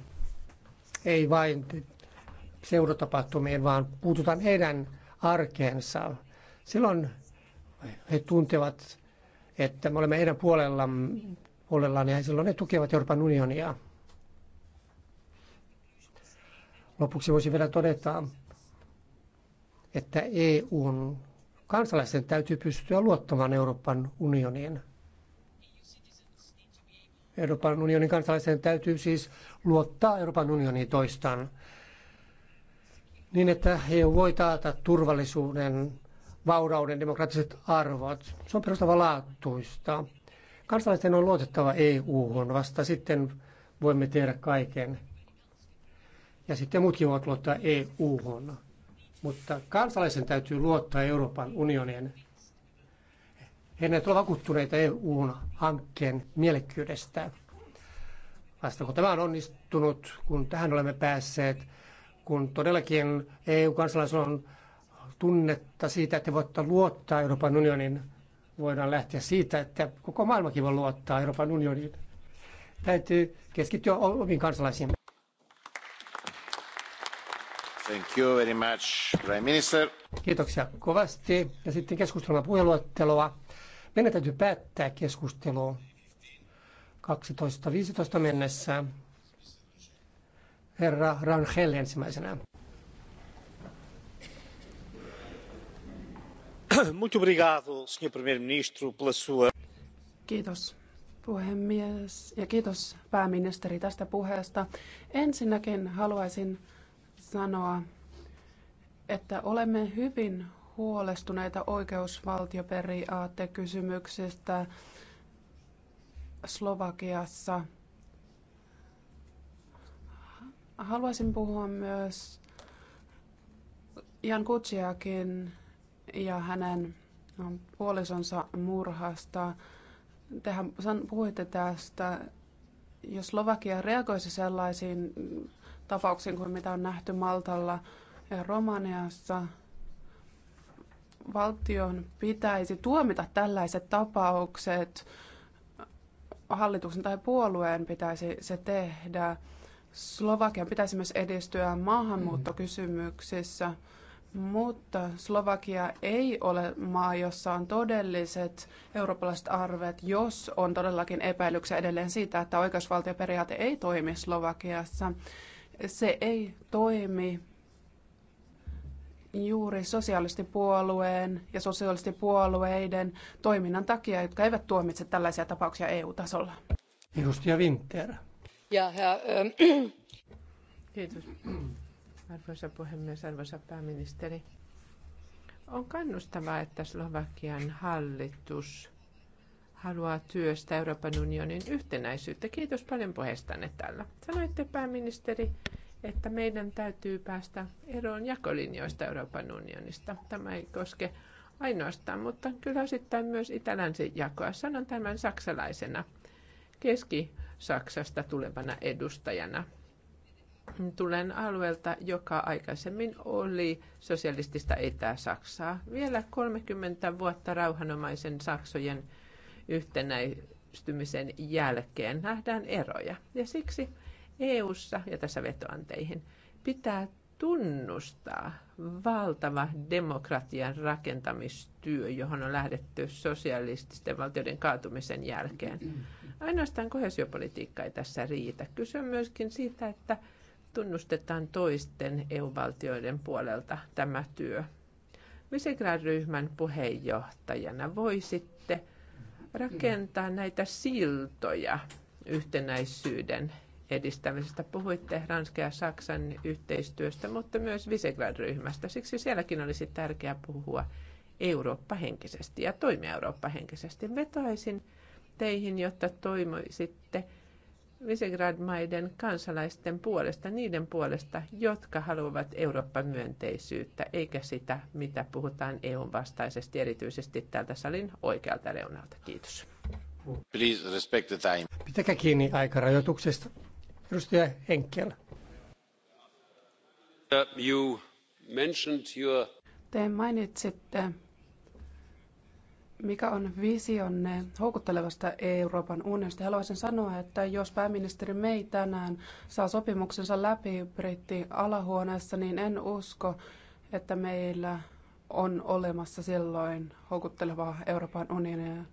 ei vain seuratapahtumiin, vaan puututaan heidän arkeensa. Silloin he tuntevat, että me olemme heidän puolellaan, puolellaan ja silloin he tukevat Euroopan unionia. Lopuksi voisin vielä todeta, että EUn kansalaisten täytyy pystyä luottamaan Euroopan unioniin. Euroopan unionin kansalaisten täytyy siis luottaa Euroopan unioniin toistaan niin, että EU voi taata turvallisuuden, vaurauden, demokraattiset arvot. Se on perustavanlaatuista. Kansalaisten on luotettava EU-hun, vasta sitten voimme tehdä kaiken ja sitten muutkin voivat luottaa EU-hon. Mutta kansalaisen täytyy luottaa Euroopan unionin. He eivät ole vakuuttuneita EU-hankkeen mielekkyydestä. Vasta kun tämä on onnistunut, kun tähän olemme päässeet, kun todellakin EU-kansalaisilla on tunnetta siitä, että voitte luottaa Euroopan unionin, voidaan lähteä siitä, että koko maailmakin voi luottaa Euroopan unioniin. Täytyy keskittyä omiin kansalaisiin. Kiitoksia kovasti. Ja sitten keskustelun puheluottelua. Meidän täytyy päättää keskustelua 12.15 mennessä. Herra Rangel ensimmäisenä. <clears throat> Muito obrigado, senhor primeiro-ministro, pela sua... Kiitos puhemies ja kiitos pääministeri tästä puheesta. Ensinnäkin haluaisin sanoa, että olemme hyvin huolestuneita oikeusvaltioperiaatekysymyksistä Slovakiassa. Haluaisin puhua myös Jan Kutsiakin ja hänen puolisonsa murhasta. Tehän puhuitte tästä. Jos Slovakia reagoisi sellaisiin tapauksiin kuin mitä on nähty Maltalla ja Romaniassa. Valtion pitäisi tuomita tällaiset tapaukset. Hallituksen tai puolueen pitäisi se tehdä. Slovakian pitäisi myös edistyä maahanmuuttokysymyksissä, mutta Slovakia ei ole maa, jossa on todelliset eurooppalaiset arvet, jos on todellakin epäilyksiä edelleen siitä, että oikeusvaltioperiaate ei toimi Slovakiassa se ei toimi juuri sosialistipuolueen ja sosialistipuolueiden toiminnan takia, jotka eivät tuomitse tällaisia tapauksia EU-tasolla. Edustaja Winter. Ja, ja, ähm. Kiitos, arvoisa puhemies, arvoisa pääministeri. On kannustavaa, että Slovakian hallitus haluaa työstää Euroopan unionin yhtenäisyyttä. Kiitos paljon puheestanne täällä. Sanoitte pääministeri, että meidän täytyy päästä eroon jakolinjoista Euroopan unionista. Tämä ei koske ainoastaan, mutta kyllä osittain myös itälänsi jakoa. Sanon tämän saksalaisena Keski-Saksasta tulevana edustajana. Tulen alueelta, joka aikaisemmin oli sosialistista Itä-Saksaa. Vielä 30 vuotta rauhanomaisen Saksojen yhtenäistymisen jälkeen nähdään eroja. Ja siksi EU:ssa ja tässä vetoanteihin pitää tunnustaa valtava demokratian rakentamistyö, johon on lähdetty sosialististen valtioiden kaatumisen jälkeen. Ainoastaan kohesiopolitiikka ei tässä riitä. Kyse on myöskin siitä, että tunnustetaan toisten EU-valtioiden puolelta tämä työ. Visegrad-ryhmän puheenjohtajana voisitte rakentaa näitä siltoja yhtenäisyyden edistämisestä. Puhuitte Ranskan ja Saksan yhteistyöstä, mutta myös Visegrad-ryhmästä. Siksi sielläkin olisi tärkeää puhua Eurooppa-henkisesti ja toimia Eurooppa-henkisesti. Vetoaisin teihin, jotta toimisitte Visegrad-maiden kansalaisten puolesta, niiden puolesta, jotka haluavat Euroopan myönteisyyttä eikä sitä, mitä puhutaan EUn vastaisesti, erityisesti tältä salin oikealta reunalta. Kiitos. Please respect the time. Pitäkää kiinni aikarajoituksesta. Edustaja Henkel. You mentioned your... Te mainitsitte mikä on visionne houkuttelevasta Euroopan unionista? Haluaisin sanoa, että jos pääministeri May tänään saa sopimuksensa läpi britti alahuoneessa, niin en usko, että meillä on olemassa silloin houkuttelevaa Euroopan unionia.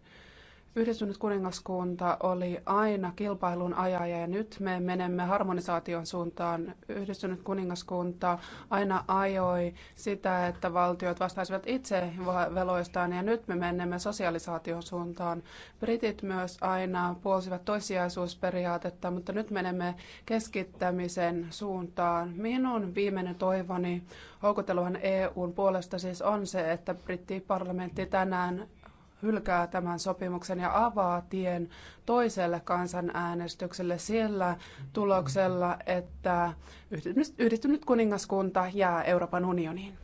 Yhdistynyt kuningaskunta oli aina kilpailun ajaja ja nyt me menemme harmonisaation suuntaan. Yhdistynyt kuningaskunta aina ajoi sitä, että valtiot vastaisivat itse veloistaan ja nyt me menemme sosialisaation suuntaan. Britit myös aina puolsivat toissijaisuusperiaatetta, mutta nyt menemme keskittämisen suuntaan. Minun viimeinen toivoni houkuteluhan EUn puolesta siis on se, että brittiparlamentti tänään hylkää tämän sopimuksen ja avaa tien toiselle kansanäänestykselle sillä tuloksella, että yhdistynyt kuningaskunta jää Euroopan unioniin.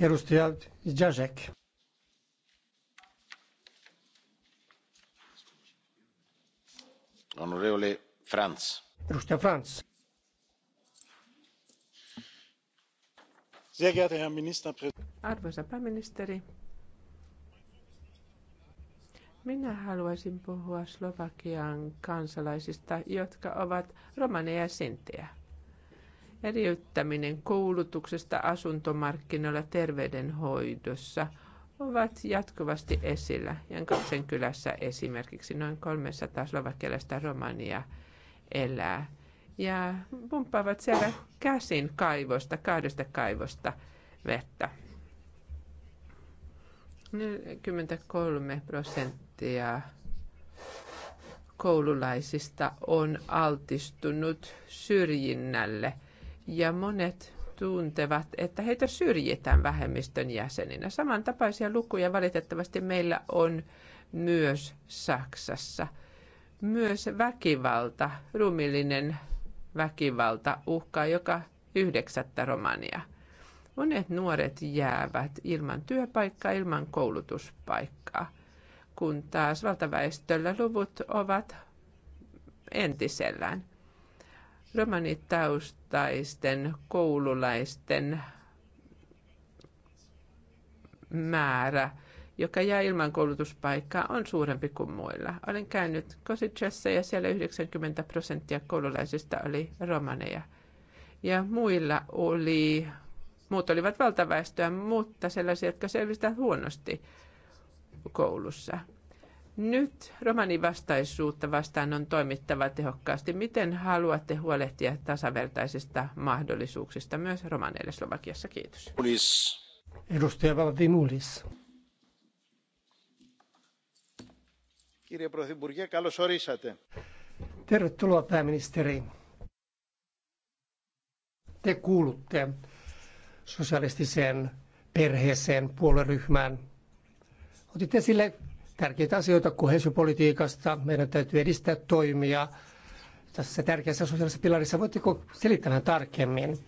Edustaja Jacek. Onorevole Franz. Edustaja Franz. Arvoisa pääministeri, minä haluaisin puhua Slovakian kansalaisista, jotka ovat romaneja ja Eriyttäminen koulutuksesta, asuntomarkkinoilla, terveydenhoidossa ovat jatkuvasti esillä. Jankotsen kylässä esimerkiksi noin 300 slovakialaista romania elää ja pumppaavat siellä käsin kaivosta, kahdesta kaivosta vettä. 43 prosenttia prosenttia koululaisista on altistunut syrjinnälle ja monet tuntevat, että heitä syrjitään vähemmistön jäseninä. Samantapaisia lukuja valitettavasti meillä on myös Saksassa. Myös väkivalta, rumillinen väkivalta uhkaa joka yhdeksättä Romania. Monet nuoret jäävät ilman työpaikkaa, ilman koulutuspaikkaa kun taas valtaväestöllä luvut ovat entisellään. Romanitaustaisten koululaisten määrä, joka jää ilman koulutuspaikkaa, on suurempi kuin muilla. Olen käynyt Kosicessa ja siellä 90 prosenttia koululaisista oli romaneja. Ja muilla oli, muut olivat valtaväestöä, mutta sellaisia, jotka selvisivät huonosti koulussa. Nyt romanivastaisuutta vastaan on toimittava tehokkaasti. Miten haluatte huolehtia tasavertaisista mahdollisuuksista myös romaneille Slovakiassa? Kiitos. Ulis. Edustaja Valdimulis. Kirja Tervetuloa pääministeri. Te kuulutte sosialistiseen perheeseen, puolueryhmään, Otit esille tärkeitä asioita kohesiopolitiikasta. Meidän täytyy edistää toimia tässä tärkeässä sosiaalisessa pilarissa. Voitteko selittää vähän tarkemmin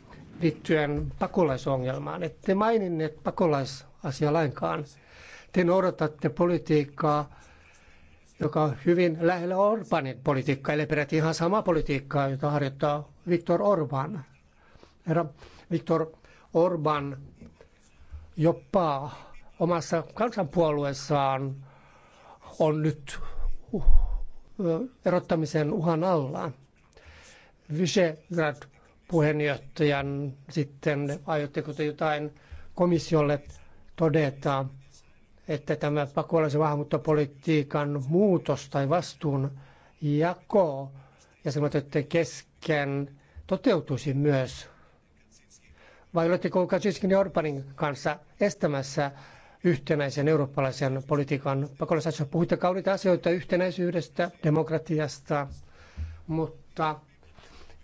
liittyen pakolaisongelmaan? Ette maininneet pakolaisasiaa lainkaan. Te noudatatte politiikkaa, joka on hyvin lähellä Orbanin politiikkaa, eli peräti ihan samaa politiikkaa, jota harjoittaa Viktor Orban. Herra Viktor Orban jopa omassa kansanpuolueessaan on nyt erottamisen uhan alla. Visegrad puheenjohtajan sitten, aiotteko te jotain komissiolle todeta, että tämä pakolaisen maahanmuuttopolitiikan muutos tai vastuun jako jäsenvaltioiden kesken toteutuisi myös? Vai oletteko Kaczynskin ja Orbanin kanssa estämässä yhtenäisen eurooppalaisen politiikan pakolaisasioista. Puhuitte kauniita asioita yhtenäisyydestä, demokratiasta, mutta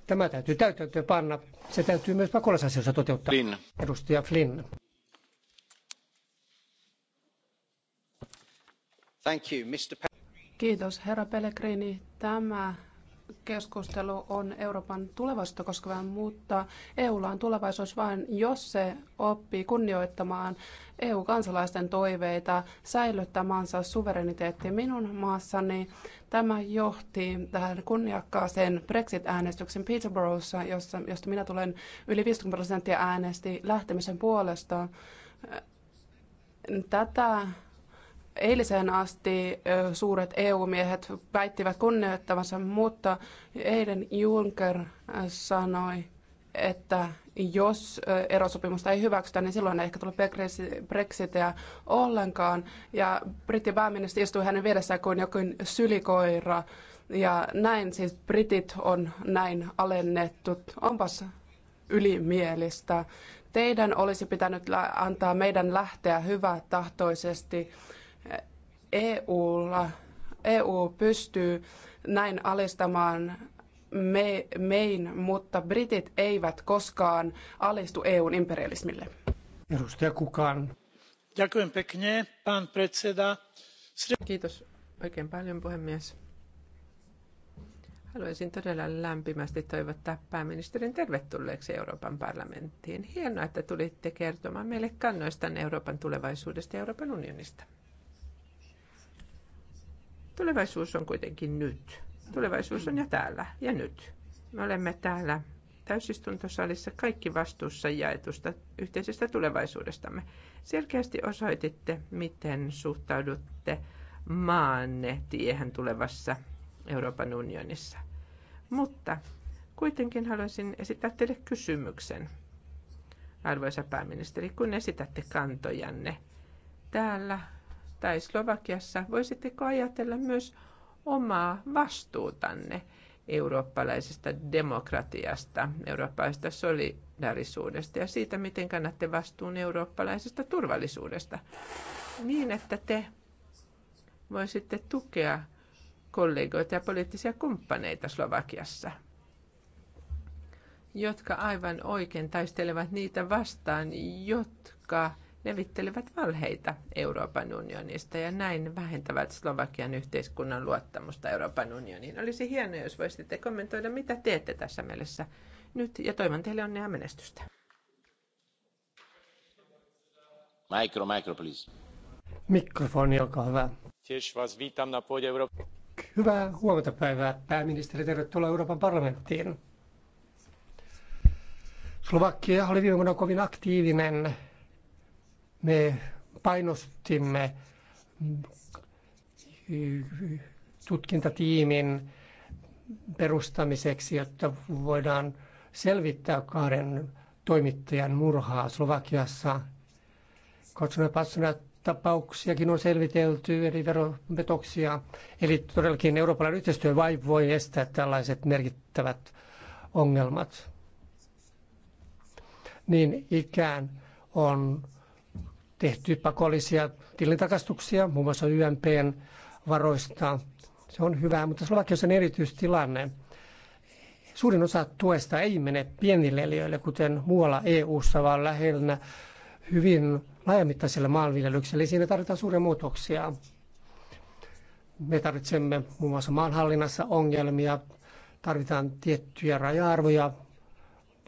tämä täytyy täytäntöön panna. Se täytyy myös pakolaisasioissa toteuttaa. Flynn. Edustaja Flynn. Thank you, Mr. Pellegrini. Kiitos, herra Pellegrini. Tämä keskustelu on Euroopan tulevaisuutta koskevaa, mutta EUlla on tulevaisuus vain, jos se oppii kunnioittamaan EU-kansalaisten toiveita, säilyttämänsä suvereniteetti minun maassani. Tämä johti tähän kunniakkaaseen Brexit-äänestyksen Peterboroughssa, jossa, josta minä tulen yli 50 prosenttia äänesti lähtemisen puolesta. Tätä eiliseen asti suuret EU-miehet väittivät kunnioittavansa, mutta eilen Juncker sanoi, että jos erosopimusta ei hyväksytä, niin silloin ei ehkä tule Brexitiä ollenkaan. Ja britin pääministeri istui hänen vieressään kuin jokin sylikoira. Ja näin siis britit on näin alennettu. Onpas ylimielistä. Teidän olisi pitänyt antaa meidän lähteä hyvää tahtoisesti EUlla, EU pystyy näin alistamaan me, mein, mutta britit eivät koskaan alistu EUn imperialismille. Edustaja Kukan. Kiitos oikein paljon puhemies. Haluaisin todella lämpimästi toivottaa pääministerin tervetulleeksi Euroopan parlamenttiin. Hienoa, että tulitte kertomaan meille kannoistaan Euroopan tulevaisuudesta ja Euroopan unionista. Tulevaisuus on kuitenkin nyt. Tulevaisuus on jo täällä ja nyt. Me olemme täällä täysistuntosalissa kaikki vastuussa jaetusta yhteisestä tulevaisuudestamme. Selkeästi osoititte, miten suhtaudutte maanne tiehen tulevassa Euroopan unionissa. Mutta kuitenkin haluaisin esittää teille kysymyksen, arvoisa pääministeri, kun esitätte kantojanne täällä tai Slovakiassa, voisitteko ajatella myös omaa vastuutanne eurooppalaisesta demokratiasta, eurooppalaisesta solidarisuudesta ja siitä, miten kannatte vastuun eurooppalaisesta turvallisuudesta, niin että te voisitte tukea kollegoita ja poliittisia kumppaneita Slovakiassa, jotka aivan oikein taistelevat niitä vastaan, jotka levittelevät valheita Euroopan unionista ja näin vähentävät Slovakian yhteiskunnan luottamusta Euroopan unioniin. Olisi hienoa, jos voisitte kommentoida, mitä teette tässä mielessä nyt ja toivon teille onnea menestystä. Mikro mikro, please. Mikrofoni, olkaa hyvä. Hyvää huomenta päivää, pääministeri. Tervetuloa Euroopan parlamenttiin. Slovakia oli viime vuonna kovin aktiivinen me painostimme tutkintatiimin perustamiseksi, jotta voidaan selvittää kahden toimittajan murhaa Slovakiassa. Kotsuna Passuna tapauksiakin on selvitelty, eri veropetoksia. Eli todellakin eurooppalainen yhteistyö vai voi estää tällaiset merkittävät ongelmat. Niin ikään on tehty pakollisia tilintarkastuksia, muun muassa YMPn varoista. Se on hyvä, mutta Slovakiassa on erityistilanne. Suurin osa tuesta ei mene pienille eliöille, kuten muualla EU-ssa, vaan lähellä hyvin laajamittaiselle maanviljelykselle. Siinä tarvitaan suuria muutoksia. Me tarvitsemme muun muassa maanhallinnassa ongelmia, tarvitaan tiettyjä raja-arvoja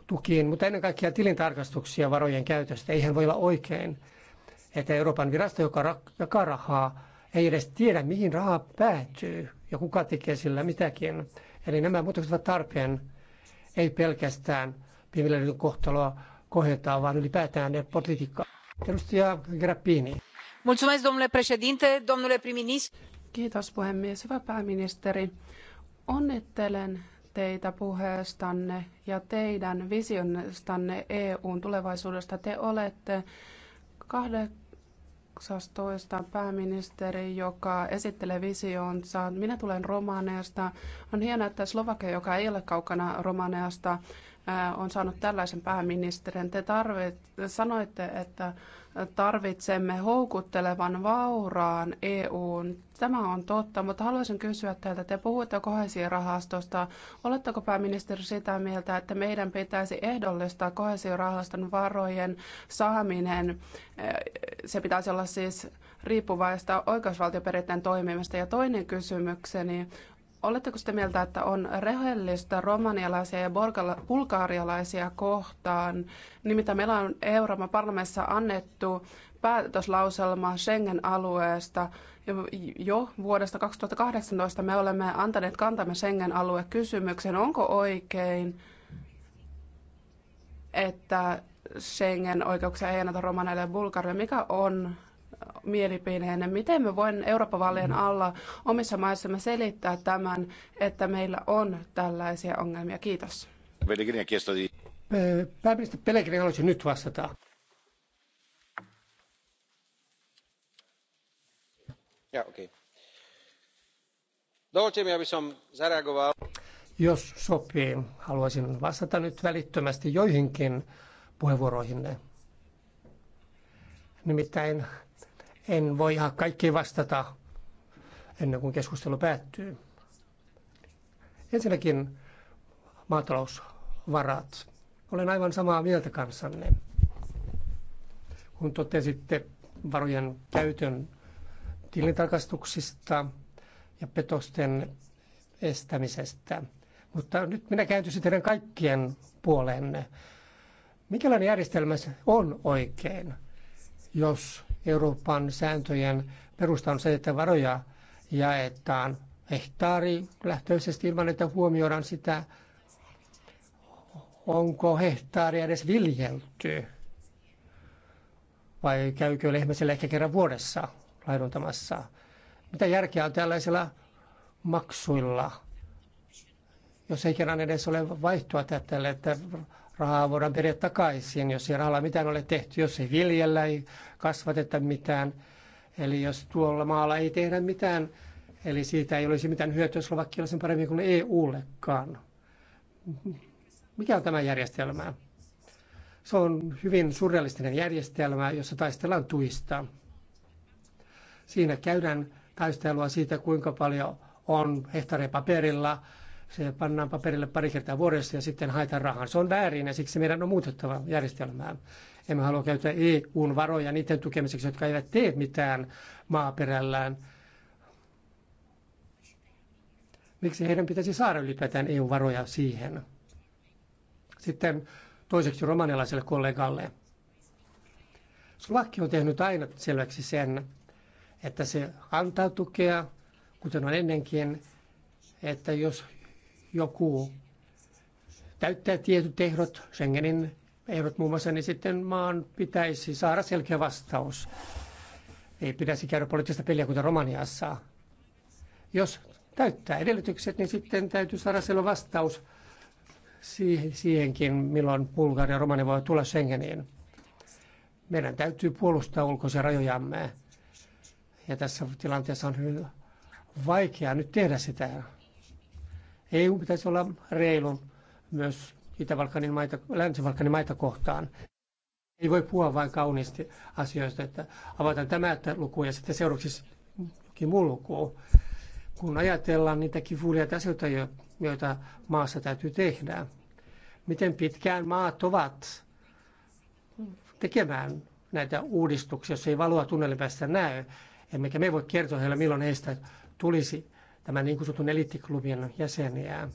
tukiin, mutta ennen kaikkea tilintarkastuksia varojen käytöstä. Eihän voi olla oikein, että Euroopan virasto, joka jakaa rahaa, ei edes tiedä, mihin raha päätyy ja kuka tekee sillä mitäkin. Eli nämä muutokset ovat tarpeen, ei pelkästään pienviljelijöiden kohtaloa kohentaa, vaan ylipäätään ne politiikkaa. Edustaja Grappini. Kiitos puhemies. Hyvä pääministeri, onnittelen teitä puheestanne ja teidän visiostanne EUn tulevaisuudesta. Te olette 18 pääministeri, joka esittelee visionsa. Minä tulen Romaneasta. On hienoa, että Slovakia, joka ei ole kaukana Romaneasta, on saanut tällaisen pääministerin. Te tarvit, sanoitte, että tarvitsemme houkuttelevan vauraan EUn. Tämä on totta, mutta haluaisin kysyä teiltä, te puhuitte kohesiorahastosta. Oletteko pääministeri sitä mieltä, että meidän pitäisi ehdollistaa kohesiorahaston varojen saaminen? Se pitäisi olla siis riippuvaista oikeusvaltioperiaatteen toimimista. Ja toinen kysymykseni, Oletteko sitä mieltä, että on rehellistä romanialaisia ja bulgaarialaisia kohtaan? Nimittäin meillä on Euroopan parlamentissa annettu päätöslauselma Schengen-alueesta jo vuodesta 2018. Me olemme antaneet kantamme Schengen-alue kysymyksen. Onko oikein, että Schengen-oikeuksia ei anneta romaneille ja bulgaarille? Mikä on mielipiteenne. Miten me voin Euroopan vaalien alla omissa maissamme selittää tämän, että meillä on tällaisia ongelmia? Kiitos. Pääministeri Pellegrini haluaisi nyt vastata. Ja, okay. Dovolte som Jos sopii, haluaisin vastata nyt välittömästi joihinkin puheenvuoroihinne. Nimittäin en voi ihan kaikki vastata ennen kuin keskustelu päättyy. Ensinnäkin maatalousvarat. Olen aivan samaa mieltä kanssanne, kun totesitte varojen käytön tilintarkastuksista ja petosten estämisestä. Mutta nyt minä kääntyisin teidän kaikkien puoleenne. Mikälainen järjestelmä on oikein, jos Euroopan sääntöjen perusta on se, että varoja jaetaan hehtaari lähtöisesti ilman, että huomioidaan sitä, onko hehtaari edes viljelty vai käykö lehmäsellä ehkä kerran vuodessa laiduntamassa. Mitä järkeä on tällaisilla maksuilla, jos ei kerran edes ole vaihtoa tälle, että rahaa voidaan periä takaisin, jos ei rahalla mitään ole tehty, jos ei viljellä, ei kasvateta mitään. Eli jos tuolla maalla ei tehdä mitään, eli siitä ei olisi mitään hyötyä Slovakialle sen paremmin kuin EUllekaan. Mikä on tämä järjestelmä? Se on hyvin surrealistinen järjestelmä, jossa taistellaan tuista. Siinä käydään taistelua siitä, kuinka paljon on hehtaaria paperilla, se pannaan paperille pari kertaa vuodessa ja sitten haetaan rahaa. Se on väärin ja siksi meidän on muutettava järjestelmää. Emme halua käyttää EUn varoja niiden tukemiseksi, jotka eivät tee mitään maaperällään. Miksi heidän pitäisi saada ylipäätään EU-varoja siihen? Sitten toiseksi romanialaiselle kollegalle. Slovakki on tehnyt aina selväksi sen, että se antaa tukea, kuten on ennenkin, että jos joku täyttää tietyt ehdot, Schengenin ehdot muun muassa, niin sitten maan pitäisi saada selkeä vastaus. Ei pitäisi käydä poliittista peliä kuten Romaniassa. Jos täyttää edellytykset, niin sitten täytyy saada selvä vastaus siihenkin, milloin Bulgaria ja Romania voi tulla Schengeniin. Meidän täytyy puolustaa ulkoisia rajojamme. Ja tässä tilanteessa on hyvin vaikea nyt tehdä sitä. EU pitäisi olla reilun myös itä valkanin maita, länsi valkanin maita kohtaan. Ei voi puhua vain kauniisti asioista, että avataan tämä luku ja sitten seuraavaksi jokin muu luku. Kun ajatellaan niitä kivulia asioita, joita maassa täytyy tehdä, miten pitkään maat ovat tekemään näitä uudistuksia, jos ei valoa tunnelin päästä näy, emmekä me voi kertoa heille, milloin heistä tulisi tämän niin kutsutun elittiklubin jäseniä.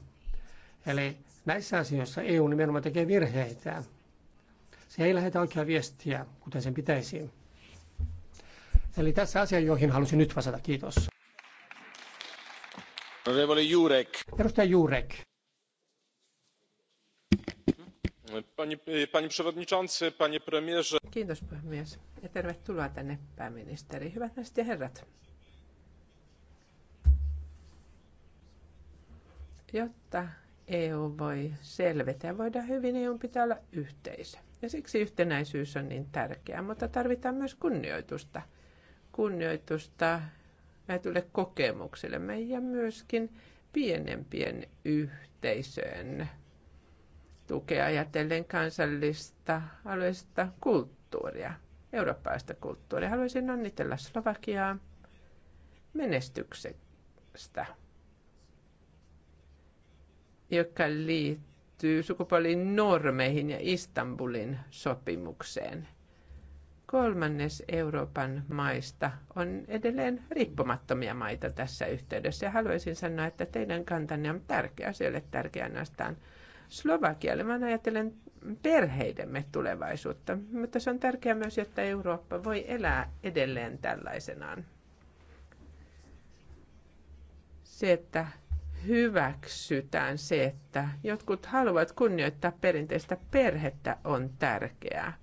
Eli näissä asioissa EU nimenomaan tekee virheitä. Se ei lähetä oikea viestiä, kuten sen pitäisi. Eli tässä asia, joihin halusin nyt vastata. Kiitos. Jurek. Edustaja Jurek. Pani, pani przewodniczący, panie premierze. Kiitos puhemies ja tervetuloa tänne pääministeri. Hyvät naiset ja herrat. Jotta EU voi selvetä ja voida hyvin, EU pitää olla yhteisö. Ja siksi yhtenäisyys on niin tärkeää, mutta tarvitaan myös kunnioitusta. Kunnioitusta näille kokemuksille ja myöskin pienempien yhteisöjen tukea ajatellen kansallista alueellista kulttuuria, eurooppalaista kulttuuria. Haluaisin onnitella Slovakiaa menestyksestä joka liittyy sukupuolin normeihin ja Istanbulin sopimukseen. Kolmannes Euroopan maista on edelleen riippumattomia maita tässä yhteydessä. Ja haluaisin sanoa, että teidän kantanne on tärkeä. Se ei ole tärkeä ainoastaan Slovakialle, Mä ajattelen perheidemme tulevaisuutta. Mutta se on tärkeää myös, että Eurooppa voi elää edelleen tällaisenaan. Se, että hyväksytään se, että jotkut haluavat kunnioittaa perinteistä perhettä, on tärkeää.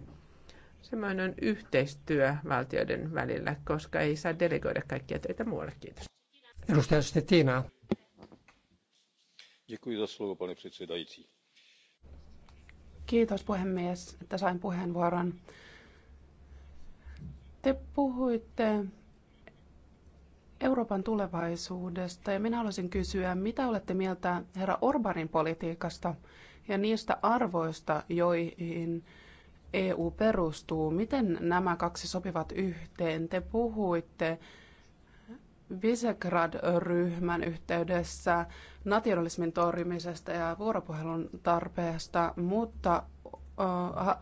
Semmoinen on yhteistyö valtioiden välillä, koska ei saa delegoida kaikkia töitä muualle. Kiitos. Edustaja Stettina. Kiitos puhemies, että sain puheenvuoron. Te puhuitte Euroopan tulevaisuudesta ja minä haluaisin kysyä, mitä olette mieltä herra Orbanin politiikasta ja niistä arvoista, joihin EU perustuu. Miten nämä kaksi sopivat yhteen? Te puhuitte Visegrad-ryhmän yhteydessä nationalismin torjumisesta ja vuoropuhelun tarpeesta, mutta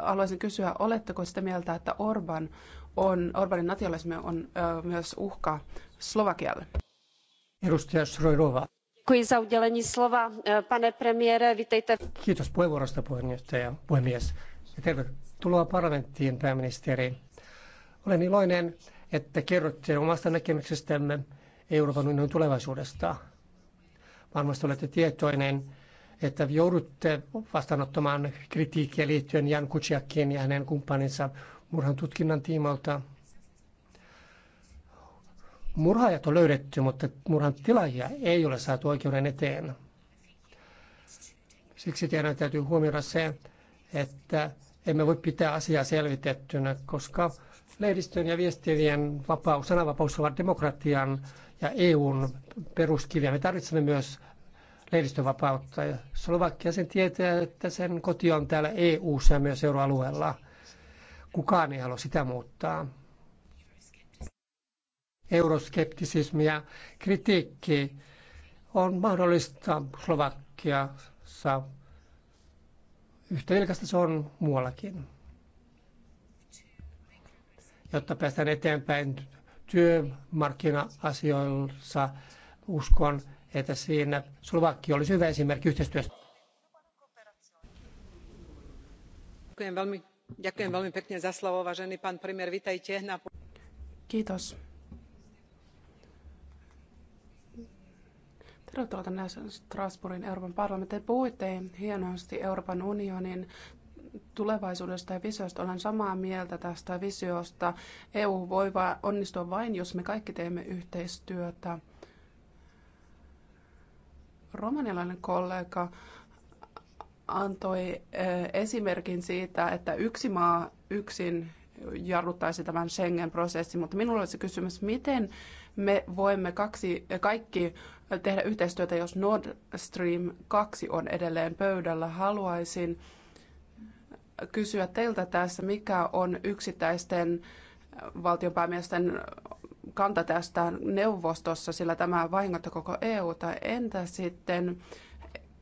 haluaisin kysyä, oletteko sitä mieltä, että Orban on, Orbanin nationalismi on myös uhka Slovakialle? Edustaja Sroilova. slova. E, pane premiere, vítejte. Kiitos puheenvuorosta puheenjohtaja, puhemies. Ja tervetuloa parlamenttiin, pääministeri. Olen iloinen, että kerrotte omasta näkemyksestämme Euroopan unionin tulevaisuudesta. Varmasti olette tietoinen, että joudutte vastaanottamaan kritiikkiä liittyen Jan Kuciakkiin ja hänen kumppaninsa murhan tutkinnan tiimoilta. Murhaajat on löydetty, mutta murhan tilaajia ei ole saatu oikeuden eteen. Siksi teidän täytyy huomioida se, että emme voi pitää asiaa selvitettynä, koska lehdistön ja viestivien vapaus, sananvapaus ovat demokratian ja EUn peruskiviä. Me tarvitsemme myös lehdistönvapautta. Slovakia sen tietää, että sen koti on täällä eu ja myös euroalueella. Kukaan ei halua sitä muuttaa. Euroskeptisismi ja kritiikki on mahdollista Slovakiassa. Yhtä vilkasta se on muuallakin. Jotta päästään eteenpäin työmarkkina-asioissa, uskon, että siinä Slovakki olisi hyvä esimerkki yhteistyöstä. Kiitos. Tervetuloa tänne Strasbourgin Euroopan parlamenttiin. Puhuitte hienosti Euroopan unionin tulevaisuudesta ja visiosta. Olen samaa mieltä tästä visiosta. EU voi onnistua vain, jos me kaikki teemme yhteistyötä romanialainen kollega antoi eh, esimerkin siitä, että yksi maa yksin jarruttaisi tämän Schengen-prosessin, mutta minulla olisi kysymys, miten me voimme kaksi, eh, kaikki tehdä yhteistyötä, jos Nord Stream 2 on edelleen pöydällä. Haluaisin kysyä teiltä tässä, mikä on yksittäisten valtionpäämiesten kanta tästä neuvostossa, sillä tämä vahingotta koko EU: tai Entä sitten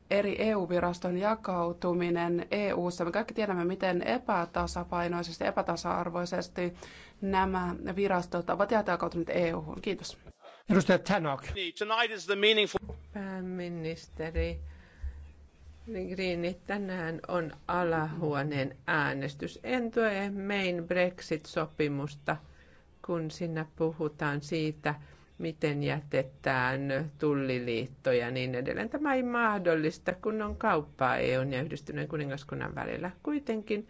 eri EU-viraston jakautuminen EU-ssa. Me kaikki tiedämme, miten epätasapainoisesti, epätasa-arvoisesti nämä virastot ovat jakautuneet EU-hun. Kiitos. Edustaja Tanok. Pääministeri Green, tänään on alahuoneen äänestys. En tue main Brexit-sopimusta – kun sinne puhutaan siitä, miten jätetään tulliliitto ja niin edelleen. Tämä ei mahdollista, kun on kauppaa EUn ja yhdistyneen kuningaskunnan välillä. Kuitenkin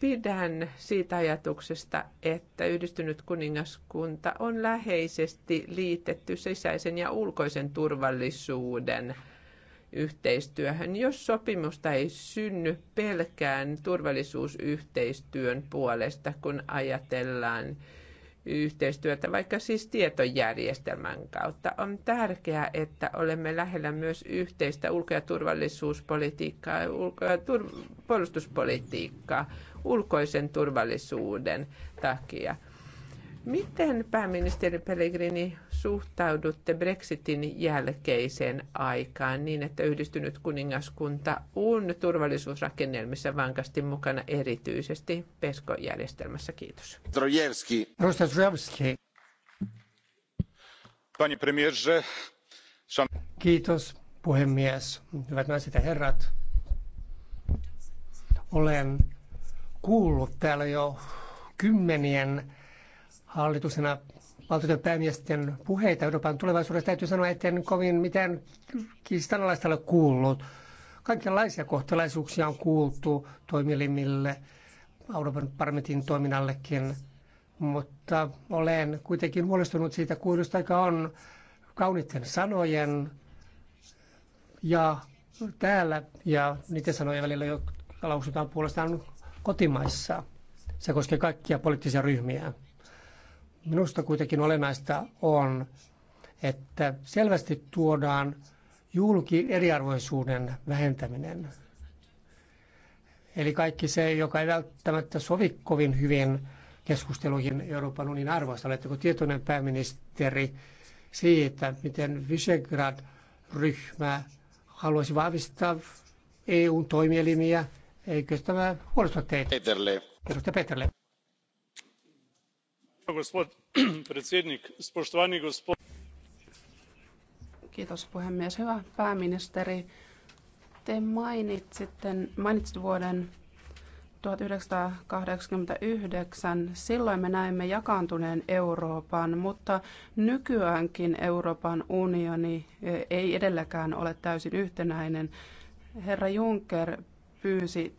pidän siitä ajatuksesta, että yhdistynyt kuningaskunta on läheisesti liitetty sisäisen ja ulkoisen turvallisuuden yhteistyöhön. Jos sopimusta ei synny pelkään turvallisuusyhteistyön puolesta, kun ajatellaan yhteistyötä, vaikka siis tietojärjestelmän kautta. On tärkeää, että olemme lähellä myös yhteistä ulko- ja turvallisuuspolitiikkaa, ulko- ja tur- puolustuspolitiikkaa ulkoisen turvallisuuden takia – Miten pääministeri Pellegrini suhtaudutte Brexitin jälkeiseen aikaan niin, että yhdistynyt kuningaskunta on turvallisuusrakennelmissa vankasti mukana erityisesti PESCO-järjestelmässä? Kiitos. Trojevski. Trojevski. Panie premierze. Kiitos puhemies. Hyvät naiset ja herrat. Olen kuullut täällä jo kymmenien hallitusena valtioiden päämiesten puheita Euroopan tulevaisuudesta. Täytyy sanoa, että en kovin mitään kiistanalaista ole kuullut. Kaikenlaisia kohtalaisuuksia on kuultu toimielimille, Euroopan parlamentin toiminnallekin, mutta olen kuitenkin huolestunut siitä kuulusta, joka on kauniiden sanojen ja täällä ja niiden sanojen välillä, jotka lausutaan puolestaan kotimaissa. Se koskee kaikkia poliittisia ryhmiä. Minusta kuitenkin olennaista on, että selvästi tuodaan julki eriarvoisuuden vähentäminen. Eli kaikki se, joka ei välttämättä sovi kovin hyvin keskusteluihin Euroopan unionin arvoista. Oletteko tietoinen pääministeri siitä, miten Visegrad-ryhmä haluaisi vahvistaa EUn toimielimiä? Eikö tämä huolestua teitä? Peterle. Edustaja Peterle. <clears throat> gospod Kiitos puhemies. Hyvä pääministeri, te mainitsitte, mainitsitte vuoden 1989. Silloin me näimme jakaantuneen Euroopan, mutta nykyäänkin Euroopan unioni e, ei edelläkään ole täysin yhtenäinen. Herra Juncker pyysi